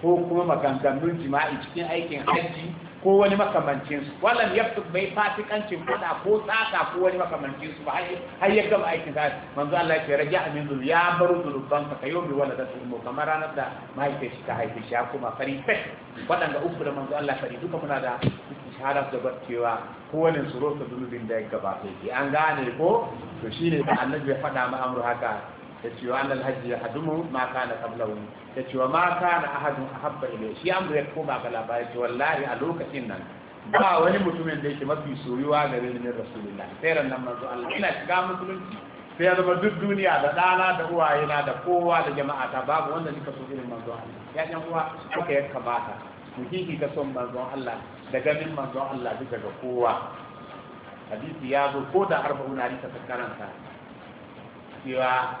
ko kuma maganganun jima'i cikin aikin hajji ko wani makamancin su wallan yaftu bai fatikancin fada ko tsaka ko wani makamancin su ba har ya gama aikin sa manzo Allah ya ce raja amin zul ya baru ban ka kayo bi wala da mu kamar ranar da mahaifiyar shi ta haife shi ya kuma fari fek wadanda uku da manzo Allah fari duka muna da shahada da barkewa ko wani ka zunubin da ya gabata an gane ko to shine da annabi ya fada ma amru haka yace wa annal ya yahdumu ma kana qablahu yace wa ma kana ahadun ahabba ilayhi shi amru ya koma ga labari yace wallahi a lokacin nan ba wani mutumin da yake mafi soyuwa ga rinin rasulullahi sai ran nan manzo Allah ina shiga musulunci sai ya zama duk duniya da ɗana da uwayena da kowa da jama'a ta babu wanda nika so irin manzo Allah ya ɗan uwa ya kamata mu hihi ta son Allah da ganin manzon Allah duka ga kowa hadisi ya zo ko da arba'una hadisa ta karanta cewa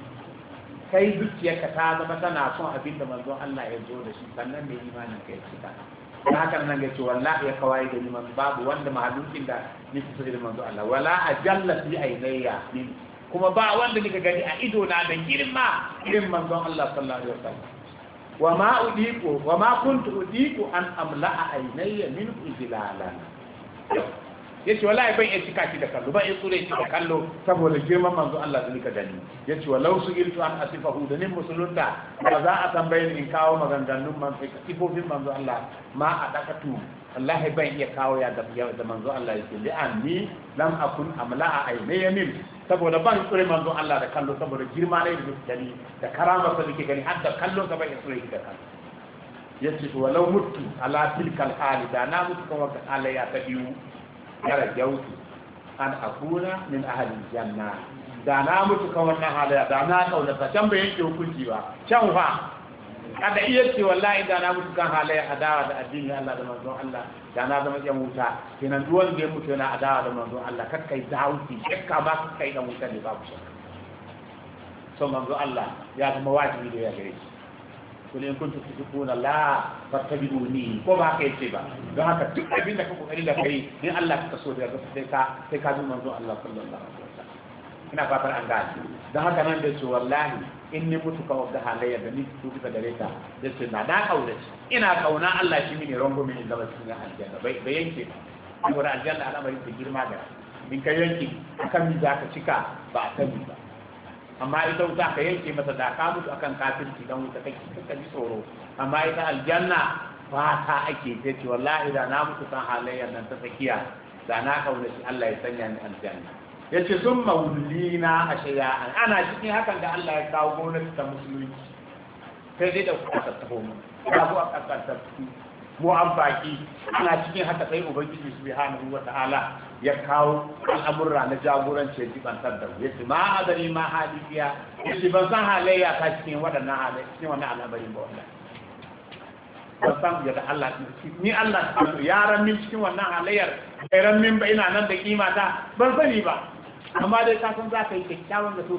kai zuciyarka ta zama tana son abin da manzon Allah ya zo da shi sannan mai imanin ka ya cika ta haka nan ga ce wallahi ya kawai da liman babu wanda mahalukin da nisa su da manzon Allah wala a jalla fi ainayya kuma ba wanda nika gani a ido na da girma irin manzon Allah sallallahu alaihi wasallam wa ma udiku wa ma kuntu udiku an amla'a ainayya min ijlalan yace wallahi ban iya cika shi da kallo ban iya tsure shi da kallo saboda girman manzo Allah da nika gani yace walau su iltu an asifahu da nin musulunta ba za a tambaye in kawo maganganun man sai sifofin manzo Allah ma a dakatu wallahi ban iya kawo ya da da manzo Allah yake li anni lam akun amla'a aynayamin saboda ban tsure manzo Allah da kallo saboda girma ne da gani da karama sa nake gani har da kallo sa ban iya tsure shi da kallo yace walau mutu ala tilkal hali da na mutu kuma ka ya ta biyu Yara darajautu an akuna min ahalin janna da na mutu kan wannan hali da na ta can bayan ke hukunci ba can fa kada iya ce wallahi da na mutu kan ya adawa da addini Allah da manzon Allah da na zama yan wuta kenan duk wanda ya mutu yana adawa da manzon Allah kar kai zawuti shakka ba kai da wuta ne ku shakka so manzon Allah ya zama wajibi da ya gare shi kul in kuntum tusifuna la fattabi'uni ko ba kai ce ba don haka duk abin da ka kokari da kai ni Allah ka so da sai ka sai ka zo manzo Allah sallallahu alaihi wasallam ina fatar an gane don haka nan da ce wallahi in ni mutu ka wadda halayya da ni su bisa gare ta da ce na da kaurace ina kauna Allah shi mini rango mini zama cikin aljanna bai bai yanke ba saboda aljanna al'amari da girma da in ka yanke akan mi za ka cika ba a kan ba amma ita wuta ka yanke masa da ka mutu akan kafirci dan wuta kake kaka ji tsoro amma ita aljanna fata ake ta ce wallahi da na mutu san halayyar nan ta tsakiya da na kauna, kaunaci Allah ya sanya ni aljanna yace sun maulina a ya? ana cikin hakan da Allah ya kawo gwamnati ta musulunci sai dai da kuka tattaho mu ba ku aka tattaho mu an baki ana cikin haka sai ubangiji subhanahu wataala ya kawo al'amurra na jagorancin jibantar sardar ya ce ma a gani ma halibiya ya ce ban san halayya ta cikin waɗannan halayya cikin wani al'amari ba wannan ban san ya da Allah ni Allah ta ya ramin cikin wannan halayyar kai ramin ba ina nan da kima ta ban sani ba amma dai ka san za ka yi kyakkyawan da so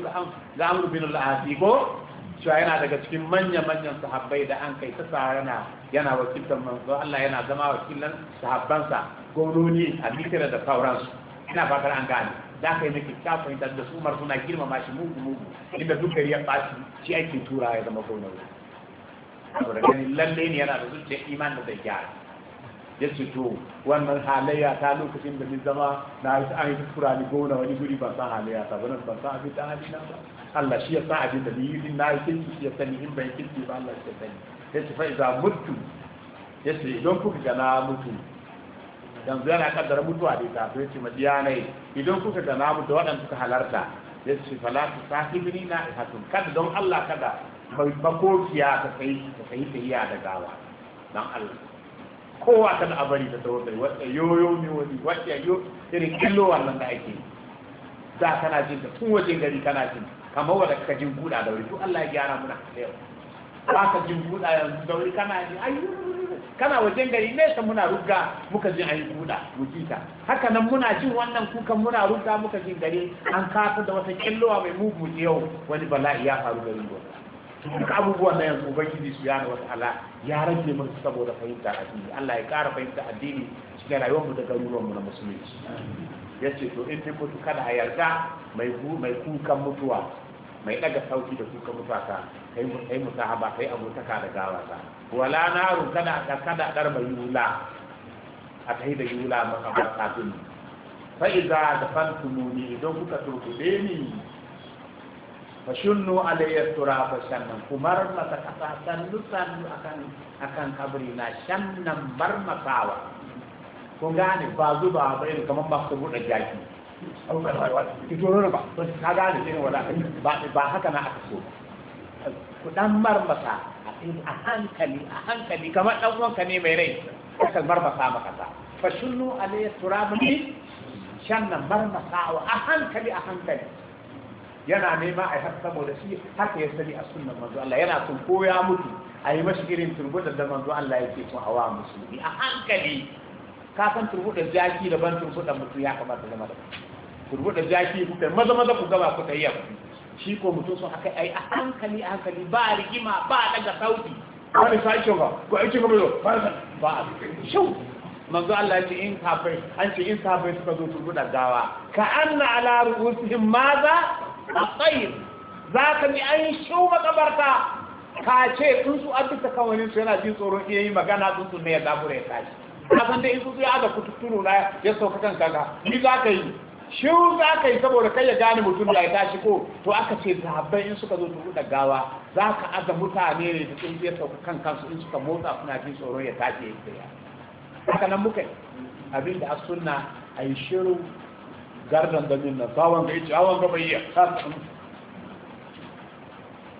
ga amur bin Allah ko cewa yana daga cikin manya-manyan sahabbai da an kai ta yana yana wakiltar manzo Allah yana zama wakilan sahabbansa gwamnoni a mitira da sauransu ina fatar an gane da ka yi na kyakkyawar da su umar suna girmama shi mugu mugu inda duk gari ya fashi shi ake tura ya zama gwamnoni saboda ganin lallai ne yana da zuciya iman da gyara ya ce to wannan halayya ta lokacin da ni zama na yi an yi tura ni gona wani guri ban san halayya ta ban san abin da hali ba Allah shi ya san abin da biyu yi na yi ki shi ya sani in ban kirki ba Allah shi ya sani ya ce fa iza mutu ya ce idan kuka ga na mutu yanzu yana kaddara mutuwa da ita ya ce madiya ne idan kuka ga na mutu waɗanda suka halarta ya ce fa la tusahibni na ihatun kada don Allah kada makokiya ta sai ta sai ta iya da gawa dan Allah kowa kada a bari ta tawo kai wata yoyo ne wani wata yoyo irin killo wannan da ake da kana jin ta tun waje gari kana jin ta kamar wadda ka jin guda da wuri to Allah ya gyara muna da yau ba ka jin guda yanzu da wuri kana ji ayi kana wajen gari nesa muna rugga muka jin ayi guda mu kita haka nan muna jin wannan kukan muna rugga muka jin gari an kafa da wata killowa mai mugu yau wani bala'i ya faru garin gobe duk abubuwan na yanzu ubangiji su yana wata ala ya rage masu saboda fahimta addini Allah ya ƙara fahimta addini cikin rayuwarmu da garuruwanmu na musulunci ya ce to in ta mutu kada a yarda mai kukan mutuwa mai daga sauki da kukan mutuwa ta kai musahaba kai abotaka da gawa ta wala narun kada a kada dar mai yula a kai da yula makabar kafin fa iza da fantumuni idan kuka turkude ni fa shunnu alayya turafa shannan kumar mata kasa sannu sannu akan akan kabri na shannan bar masawa kun gane ba zuba ba irin kamar ba su buɗe jaki ki turo ba ka gane irin wala ba haka na aka so ku dan marmasa a hankali a hankali kamar dan wanka ne mai rai ka marmasa maka ta fa shunnu alayhi turabun min shanna marmasa wa a hankali a hankali yana nema a har saboda shi haka ya sani a sunnan manzo Allah yana son koya mutu a yi mashi irin turbutar da manzo Allah yake son awa musulmi a hankali ka san turbuɗar jaki daban turbuɗar mutum ya kamata zama daban turbuɗar jaki kuka maza maza ku gaba ku tayyar shi ko mutum sun haka ai a hankali a hankali ba rigima ba daga sauti wani ake ba ko ake ba mai ba a shau manzo Allah ya ce in kafai an ce in kafai suka zo turbuɗar gawa ka anna ala ru'usihim maza asair za ka ji an shau makabarta ka ce tsuntsu abin ta kawanin su yana jin tsoron iya yi magana tsuntsu ne ya zabura ya tashi ka san dai su ya da kututtuno na ya sauka kan kaga ni za ka yi shiru za ka yi saboda kai ya gane mutum ya tashi ko to aka ce sahabbai in suka zo su da gawa za ka aza mutane ne da ya sauka kan kansu in suka motsa suna jin tsoron ya tashi ya tsaya haka nan muka yi abin da sunna a yi shiru gardan da min na bawon ga ice awon gaba iya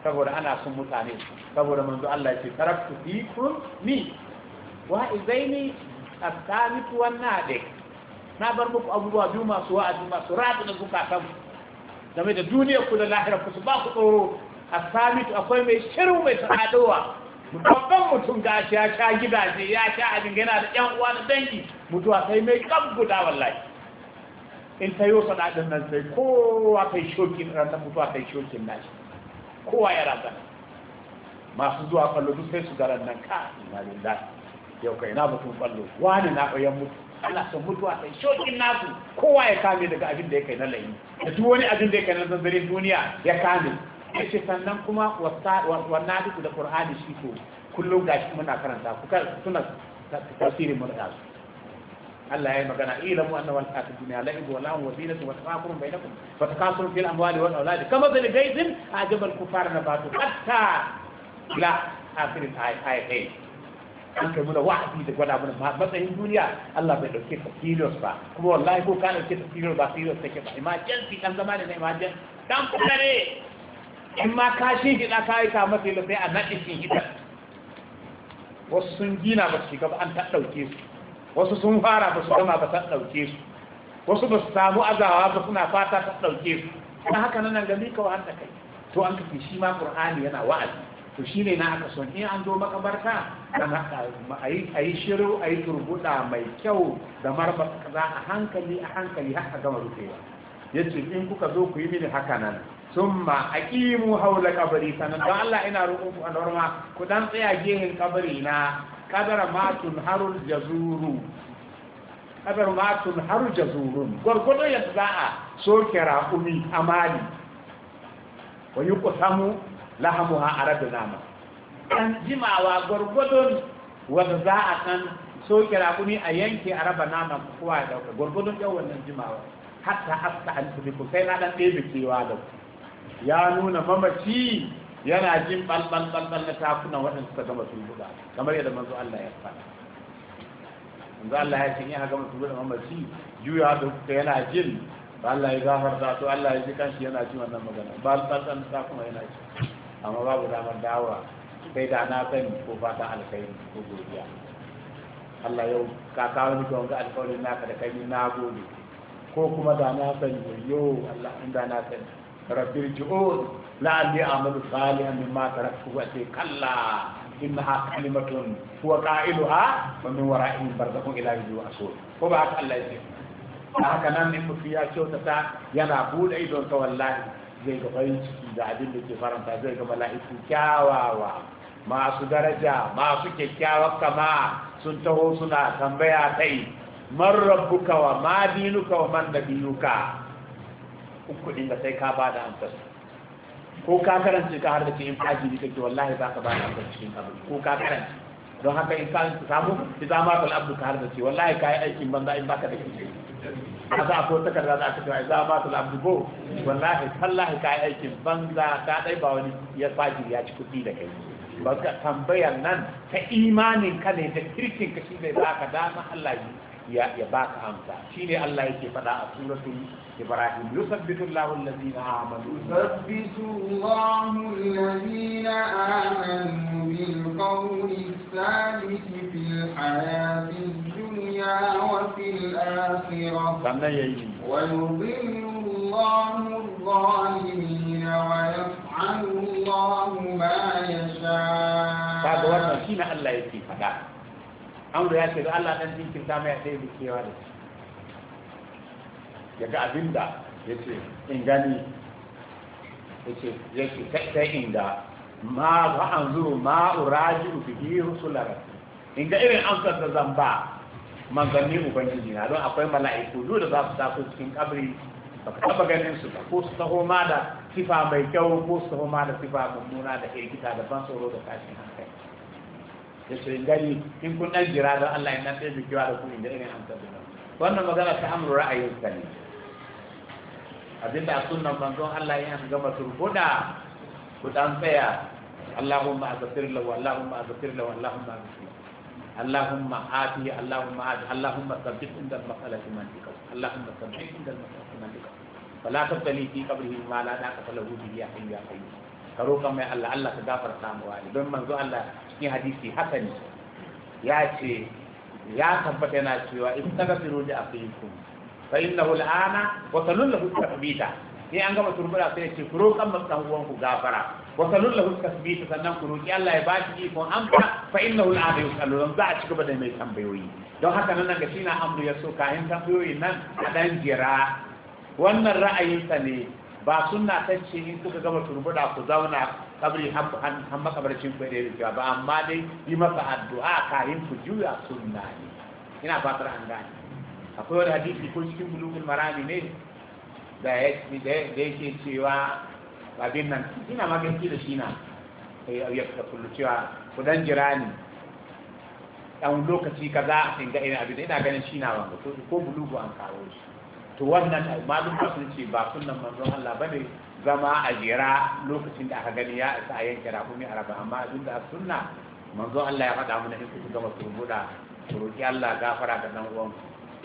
saboda ana sun mutane saboda manzo Allah ya ce taraktu fikum ni wa izaini الثالث والنادق نابر مكو أبوه biyu masu بيوما سرات نزوكا كم game da duniyar ku da lahirar ku su ba ku tsoro a samitu akwai mai shiru mai sanadowa babban mutum ga shi ya sha gidaje ya sha abin yana da yan uwa da dangi mutuwa sai mai kan guda wallahi in ta yi sanadin nan sai kowa kai shokin ranta mutuwa kai shokin nashi kowa ya rasa masu zuwa kwallo duk sai su garan nan ka imanin lafiya yau kai na mutum ballo wani na ɓayan mutu ana son mutu a sai shokin nasu kowa ya kame daga abin da ya kai na layi da duk wani abin da ya kai na zanzarin duniya ya kame ya ce sannan kuma wannan duk da qur'ani shi ko kullum gashi muna karanta ku suna tafsirin mun su Allah ya yi magana mu ilamu annahu al-hayatu dunya la'ib wa lahu wata zinatu bai tafakurun bainakum wa takasurun fil amwali wal aulad kama zal gayzin ajaba al-kufara nabatu hatta la akhir al-ayatayn an kai muna wa'azi da gwada muna matsayin duniya Allah bai dauke ta serious ba kuma wallahi ko ka dauke ta serious ba serious take ba emergency dan zama ne na emergency dan kudare in ma ka shi kai ka yi la sai a nadi shi gida wasu sun gina ba su ga ba an ta dauke su wasu sun fara ba su gama ba ta dauke su wasu ba su samu azawa ba suna fata ta dauke su dan haka nan ga mika wa hanta kai to an kafi shi ma qur'ani yana wa'azi to shi ne na aka son in an zo makabarta a yi shiru a yi turbuda mai kyau da marba za a hankali a hankali har gama rufewa ya ce in kuka zo ku yi mini haka nan sun ma a ƙimu haula kabari sannan don Allah ina roƙon ku a norma ku dan tsaya gehen kabari na kadar matun harul jazuru kadar matun harul jazuru gwargwado yadda za a soke raƙumi amali wani yi samu. lahamuha aradu nama dan jimawa gwargwadon wanda za a san soke rakumi a yanke a raba nama kowa ya dauka gwargwadon yau wannan jimawa hatta aska an ko sai na dan ɗebe kewa da ya nuna mamaci yana jin ɓalɓal ɓalɓal na takuna waɗanda suka gama sun buɗa kamar yadda manzo Allah ya faɗa manzo Allah ya ce in ya gama sun buɗa mamaci juya da kuka yana jin Allah ya gafarta to Allah ya ji kanshi yana ji wannan magana ɓalɓal ɓalɓal na takuna yana ji amma babu damar dawa sai da na sani ko fata alkhairi ko godiya Allah yau ka kawo ni ga alƙawarin naka da kai na gode ko kuma da na sani yo Allah in da na sani rabbi ji'un la'alli a'malu salihan mimma taraktu wa sai kalla innaha kalimatun huwa qailuha wa min wara'ihim barzakhun ila yawmi yub'athun ko ba haka Allah yake haka nan ne mutum ya kyautata yana bude idon sa wallahi zai ga farin ciki da abin da ke faranta zai ga mala'iku kyawawa masu daraja masu kyakkyawar kama sun taho suna tambaya kai man rabbuka wa ma dinuka wa man nabiyuka uku din da sai ka ba da amsar ko ka karanta ka har da cikin fajiri kake wallahi za ka ba da amsar cikin abu ko ka karanta don haka in ka samu idza ma kal abdu ka har da ce wallahi ka yi aikin banza in baka da kike a za a ko takarda za a cewa za a ba su labdugo wallahi tallahi ka yi. aikin banza ka ɗai ba wani ya faji ya ci kuɗi da kai ba ka tambayar nan ta imanin ka ne da kirkin ka shi zai za ka dama Allah yi يا يا باك امتا شيني الله يكي فدا سوره ابراهيم يثبت الله الذين امنوا يثبت الله الذين امنوا بالقول الثابت في الحياه الدنيا وفي الاخره ويضل الله الظالمين ويفعل الله ما يشاء بعد وقت شيني الله يكي فدا amru ya ce da Allah dan dinkin ta mai sai bikewa da shi ga abinda ce in gani yace ta ta inda ma wa zuru ma u bihi rusulara in ga irin amsar da zan ba manzanni ubangiji na don akwai mala'iku duk da za su taso cikin kabri ba ka taba ganin su ba ko su taho ma da sifa mai kyau ko su taho ma da sifa mummuna da irgita da ban tsoro da tashin hankali da shirin gari in kun dan jira don Allah in nan biki wa da kuɗi inda irin an tabbata wannan magana ta amru ra'ayin ta ne abinda sunna manzon Allah ya an gama turbuda ku dan tsaya Allahumma azfir lahu Allahumma azfir lahu Allahumma Allahumma ya ka roƙa mai Allah Allah ka gafarta mu wani don manzo Allah cikin hadisi haka ne ya ce ya tabbata yana cewa in tagafiru da afikum fa innahu al'ana wa sallallahu tasbita sai an gama turbura sai ce ku roƙan masa uwan ku gafara wa sallallahu tasbita sannan ku roƙi Allah ya ba shi ikon amsa fa innahu al'ana yusallu dan za a ci gaba da mai tambayoyi don haka nan ga shi na amru ya so kayan tambayoyin nan a dan jira wannan ra'ayinsa ne ba sunna ta ce in kuka gama turbuda ku zauna kabri han makabarcin ku da rikewa ba amma dai yi masa addu'a kayan ku juya sunna ne ina fatar an gani. akwai wani hadisi ko cikin bulugul marami ne da ya yake cewa abin nan ina ki da shi na eh, ya kullu cewa ku dan jira ni dan lokaci kaza in ga ina abin ina ganin shi na wanda ko bulugu an kawo shi to wannan malumma sun ce ba sunan manzon Allah bane zama a jira lokacin da aka gani ya isa a yanke rakumi a raba amma abinda da sunna manzon Allah ya faɗa mana in kuka gama turbuɗa ku roƙi Allah gafara ga dan uwan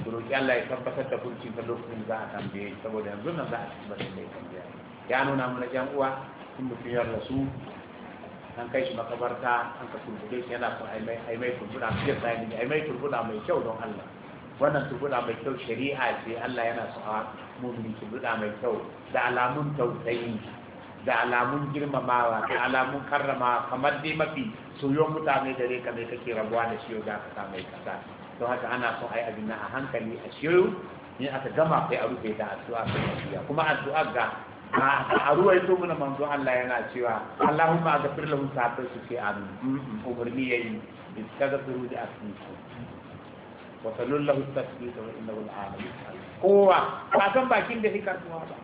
ku roƙi Allah ya tabbatar da kurcin ta lokacin za a tambaye saboda yanzu nan za a tabbatar da ya tambaya ya nuna mana yan uwa sun mutum ya rasu an kai shi makabarta an ka turbuɗe shi yana so a yi mai turbuɗa mai kyau don Allah wannan buɗa mai kyau shari'a ce Allah yana so a mumini mai kyau da alamun tausayi da alamun girmamawa da alamun karrama kamar dai mafi soyo mutane da rai kamar kake rabuwa da shi da ka samu kasa don haka ana so ai abin a hankali a shiru in aka gama kai a rufe da addu'a ta nasiya kuma addu'a ga a ruwa ito mana manzo Allah yana cewa Allahumma aghfir lahu sa'atan su amin umurni yayi istaghfiru da asmikum wa sallallahu tasbita wa innahu al'alim kowa ba san bakin da hikar kuma ba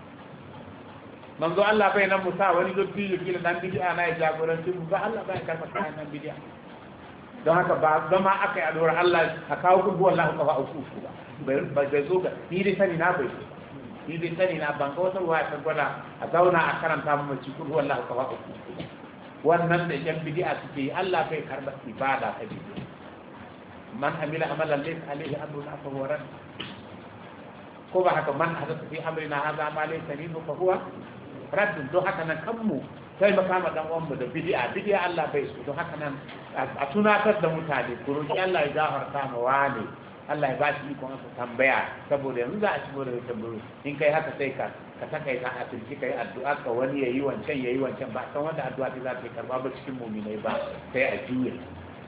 manzo Allah bai nan musa wani dotti yake nan bid'a na ya jagoranci mu ba Allah bai karfa kayan nan bid'a don haka ba zama aka yi alwar Allah a kawo kudu Allah ka fa auku ba ba zai zo ga ni dai sani na bai ni dai sani na ban kawo sarwa ta gwada a zauna a karanta mu auku wannan da yan bidi'a suke yi Allah kai karba ibada ta bidi'a man amila amalan laysa alayhi amruna fa huwa rad ko ba haka man hadatha fi amrina hadha ma laysa minhu fa huwa rad don haka nan kanmu sai makama dan uwan mu da bid'a bid'a Allah bai su don haka nan a tunatar da mutane ku roki Allah ya gafarta ma wani Allah ya bashi iko na tambaya saboda yanzu za a ci da tambayo in kai haka sai ka ka ta a tunci kai addu'a ka wani yayi wancan yayi wancan ba san wanda addu'a ta za ta karba ba cikin mu'minai ba sai a juye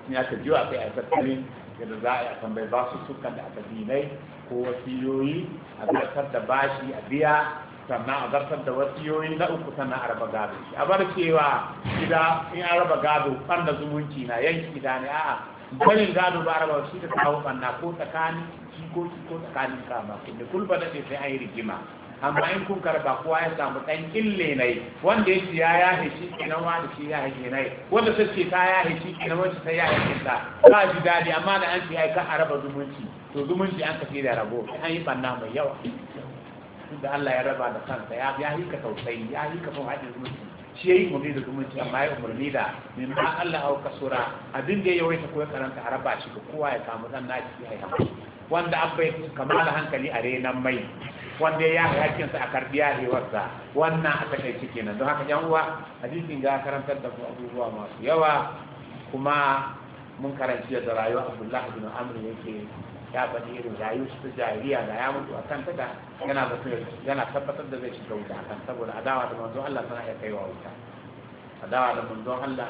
in aka juya kai a tsakanin yadda za a yi a tambayi ba su sukan da aka dinai ko wasiyoyi a zartar da bashi a biya sannan a zartar da wasiyoyi na uku sannan a raba gado a bar cewa gida in an raba gado ɓanna zumunci na yanki da ne a'a barin gado ba raba shi da kawo ɓanna ko tsakanin jikoki ko tsakanin kama kunne kulba da ɗaya sai an yi rigima amma in kun karba kowa ya samu ɗan kille ne wanda ya ce ya yahe shi kenan wani shi ya yahe ne wanda ta ce ta yahe shi kenan wanda ta ya shi ta ba ji daɗi amma da an ce ya ka araba zumunci to zumunci an ka da rabo an yi banna mai yawa da Allah ya raba da kansa ya ya hika tausayi ya hika son haɗin zumunci shi ya yi umarni da zumunci amma ya umarni da min ba Allah au kasura abin da ya yawaita ko ya karanta a raba shi ga kowa ya samu ɗan naci ya yi wanda an bai kamala hankali a renan mai wanda ya hakkin sa a karbi yarewarsa wannan a takaice kenan don haka yan uwa hadisin ga karantar da abubuwa masu yawa kuma mun karanci da rayuwa abdullahi bin amr yake ya faɗi irin rayuwar su jariya da ya mutu a kan ta yana yana tabbatar da zai shiga wuta akan saboda adawa da manzon Allah tana iya kaiwa wuta adawa da manzon Allah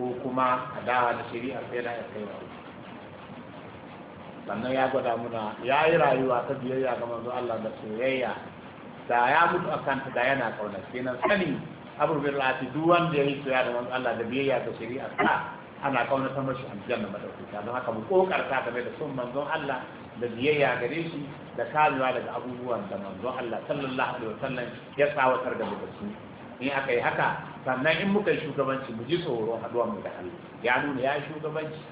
ko kuma adawa da shari'a sai da iya kaiwa wuta sannan ya gwada muna ya yi rayuwa ta biyayya ga manzo Allah da soyayya da ya mutu akan ta da yana kauna kenan sani abu bil ati duk wanda ya yi soyayya da manzo Allah da biyayya ga shari'a ta ana kauna ta mashi aljanna madaukaka don haka mu kokarta game da sun manzon Allah da biyayya gare shi da karewa daga abubuwan da manzo Allah sallallahu alaihi wasallam ya tsawatar da mu in aka yi haka sannan in muka yi shugabanci mu ji tsoron haduwar mu da Allah ya nuna ya shugabanci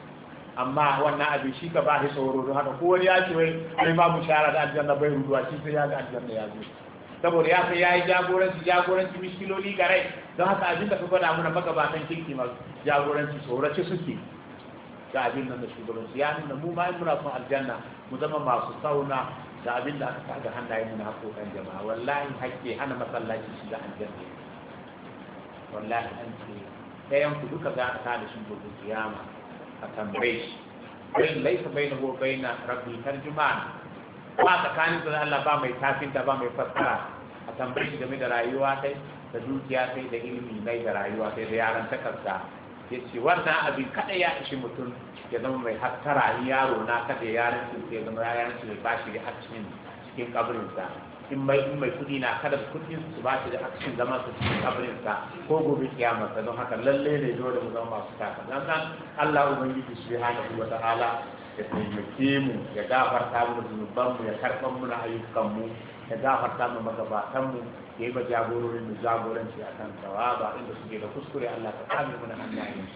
amma wannan abin shi ka ba shi tsoro don haka kowar ya ce wai ai ma shara da aljanna bai ruduwa shi sai ya ga aljanna ya zo saboda ya sai yi jagoranci jagoranci mishkiloli rai don haka abin da ka gwada muna magabatan kirki ma jagoranci tsorace suke ga abin nan da shugabanci ya nuna mu ma muna son aljanna mu zama masu sauna da abin da aka sa ga hannaye muna na kan jama'a wallahi hakke hana masallaci shi da aljanna wallahi an ce ɗayan ku duka za a sa da shi gobe kiyama a tambaye shi bai laifin bai na gobe na rabbi tarjuman ba tsakanin da Allah ba mai tafinta ba mai fassara a tambaye shi game da rayuwa sai da dukiya sai da ilimi mai da rayuwa sai da yaran takarda ya ce wannan abin kada ya ishi mutum ya zama mai hattara yaro na kada yaran su ya zama yaran su ya bashi da a cikin kabrinsa in mai in mai kudi na kada kudin su ba shi da aksin zama su cikin kabarin sa ko gobe kiyama sa don haka lalle ne dole mu zama masu taka dan nan Allah ubangiji subhanahu wa ta'ala ya taimake mu ya gafarta mu zunuban mu ya karban mu na ayyukan mu ya gafarta mu magabatan mu ya yi ba jagororin mu jagoranci a kan tawaba inda suke da kuskure Allah ka kame mu na hannayen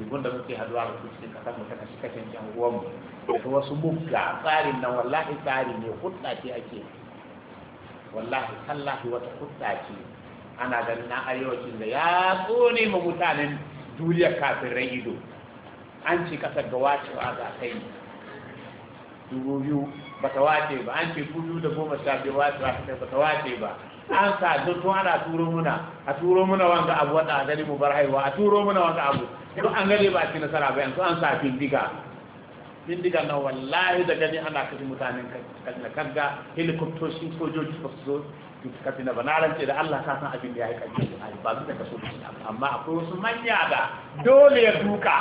ribun da muke haduwa da cikin kasar mu ta kashe kashen yan uwan mu da wasu mugga tsarin nan wallahi tsari ne hudda ce ake wallahi tallahi wata hudda ce ana ganin na arewacin da ya tsone ma mutanen duniyar kafirai ido an ce kasar ga wacewa za ta yi dubu biyu ba ta wace ba an ce dubu da goma sha biyu wacewa ta ba ta wace ba an sa tuntun ana turo muna a turo muna wanga abu wata a gani mu bar haihuwa a turo muna wanga abu duk an gane ba ci nasara ba yanzu an sa bindiga bindiga na wallahi da gani ana kashe mutanen katsina kaga helikoptoshin sojoji ba su zo katsina ba na rance da Allah ka san abin da ya yi kanji ba su da kaso amma akwai wasu manya da dole ya duka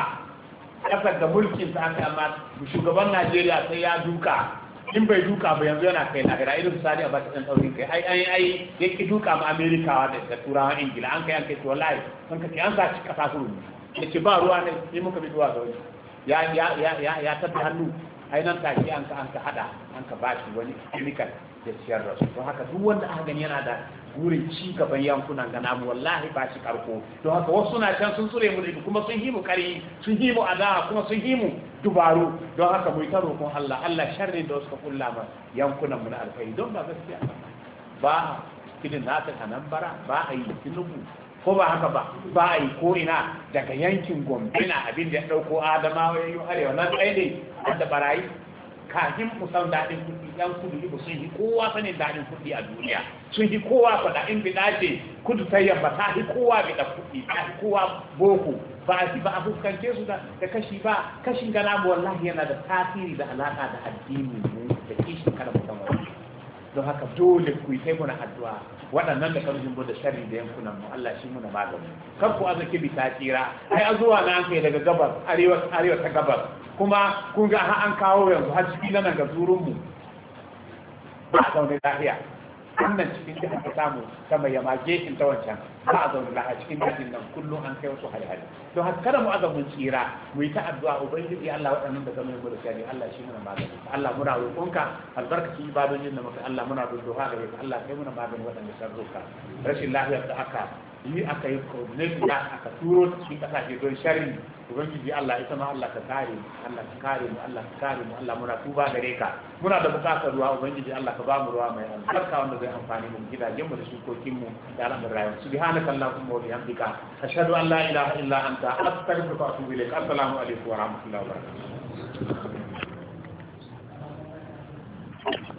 kasar da mulkin sa aka amma shugaban Najeriya sai ya duka in bai duka ba yanzu yana kai lahira irin misali a ta ɗan ɗaurin kai ai ai ai ya ki duka ma Amerikawa da turawa Ingila an kai an kai to wallahi sun kai an sa ci kasa su ne ce ba ruwa ne sai muka bi zuwa ga wani ya ya ya ya tafi hannu ai nan take an ka an ka hada an ka bashi wani chemical da siyar da su don haka duk wanda aka gani yana da gurin ci gaban yankunan ga namu wallahi ba shi karko don haka wasu suna can sun tsure mu kuma sun himu kari sun himu adawa kuma sun himu dubaru don haka mu ta roƙon Allah Allah sharri da wasu ka kulla ma yankunan mu na alfai don ba gaskiya ba ba kidin na ta kanan bara ba a yi tinubu ko ba haka ba ba a yi ko'ina daga yankin gombina abin da ya ɗauko adamawa yayin arewa nan tsaye ne wanda barayi kafin mu san daɗin kuɗi ɗan kudu ibu sun yi kowa sanin daɗin kuɗi a duniya sun yi kowa faɗa in bi dace kudu ta yamma ta yi kowa bi kuɗi ta yi kowa boko ba a ba a fuskance su da kashi ba kashin gana mu wallahi yana da tasiri da alaƙa da addini da kishin kada mu don haka dole ku yi taimuna addu'a waɗannan da kan bude da sharri da yankunan mu Allah shi muna magani kan ku azuki bi tsira ai zuwa na kai daga gabar arewa ta gabar kuma kun ga an kawo yanzu har na nan ga zurun mu ba a zaune lafiya wannan cikin da aka samu sama ya mage in ta wancan ba a zaune a cikin dajin nan kullum an kai wasu hali-hali don haka kada mu mun tsira mu yi ta addu'a ubangiji Allah waɗannan da zama mu da shari Allah shi muna magani Allah muna roƙonka albarkaci ibadojin da muka Allah muna roƙonka Allah kai muna magani waɗanda sarruka rashin lafiyar da aka yi aka yi kwanaki ya aka turo cikin kasashe don sharin ubangiji Allah ita ma Allah ka kare mu Allah ka kare mu Allah ka kare mu Allah muna tuba gare ka muna da bukatar ruwa ubangiji Allah ka ba mu ruwa mai albarka wanda zai amfani mu gidajen mu da shukokin mu da al'amuran rayuwa subhanaka allahumma wa bihamdika ashhadu an la ilaha illa anta astaghfiruka wa atubu assalamu alaikum wa rahmatullahi wa barakatuh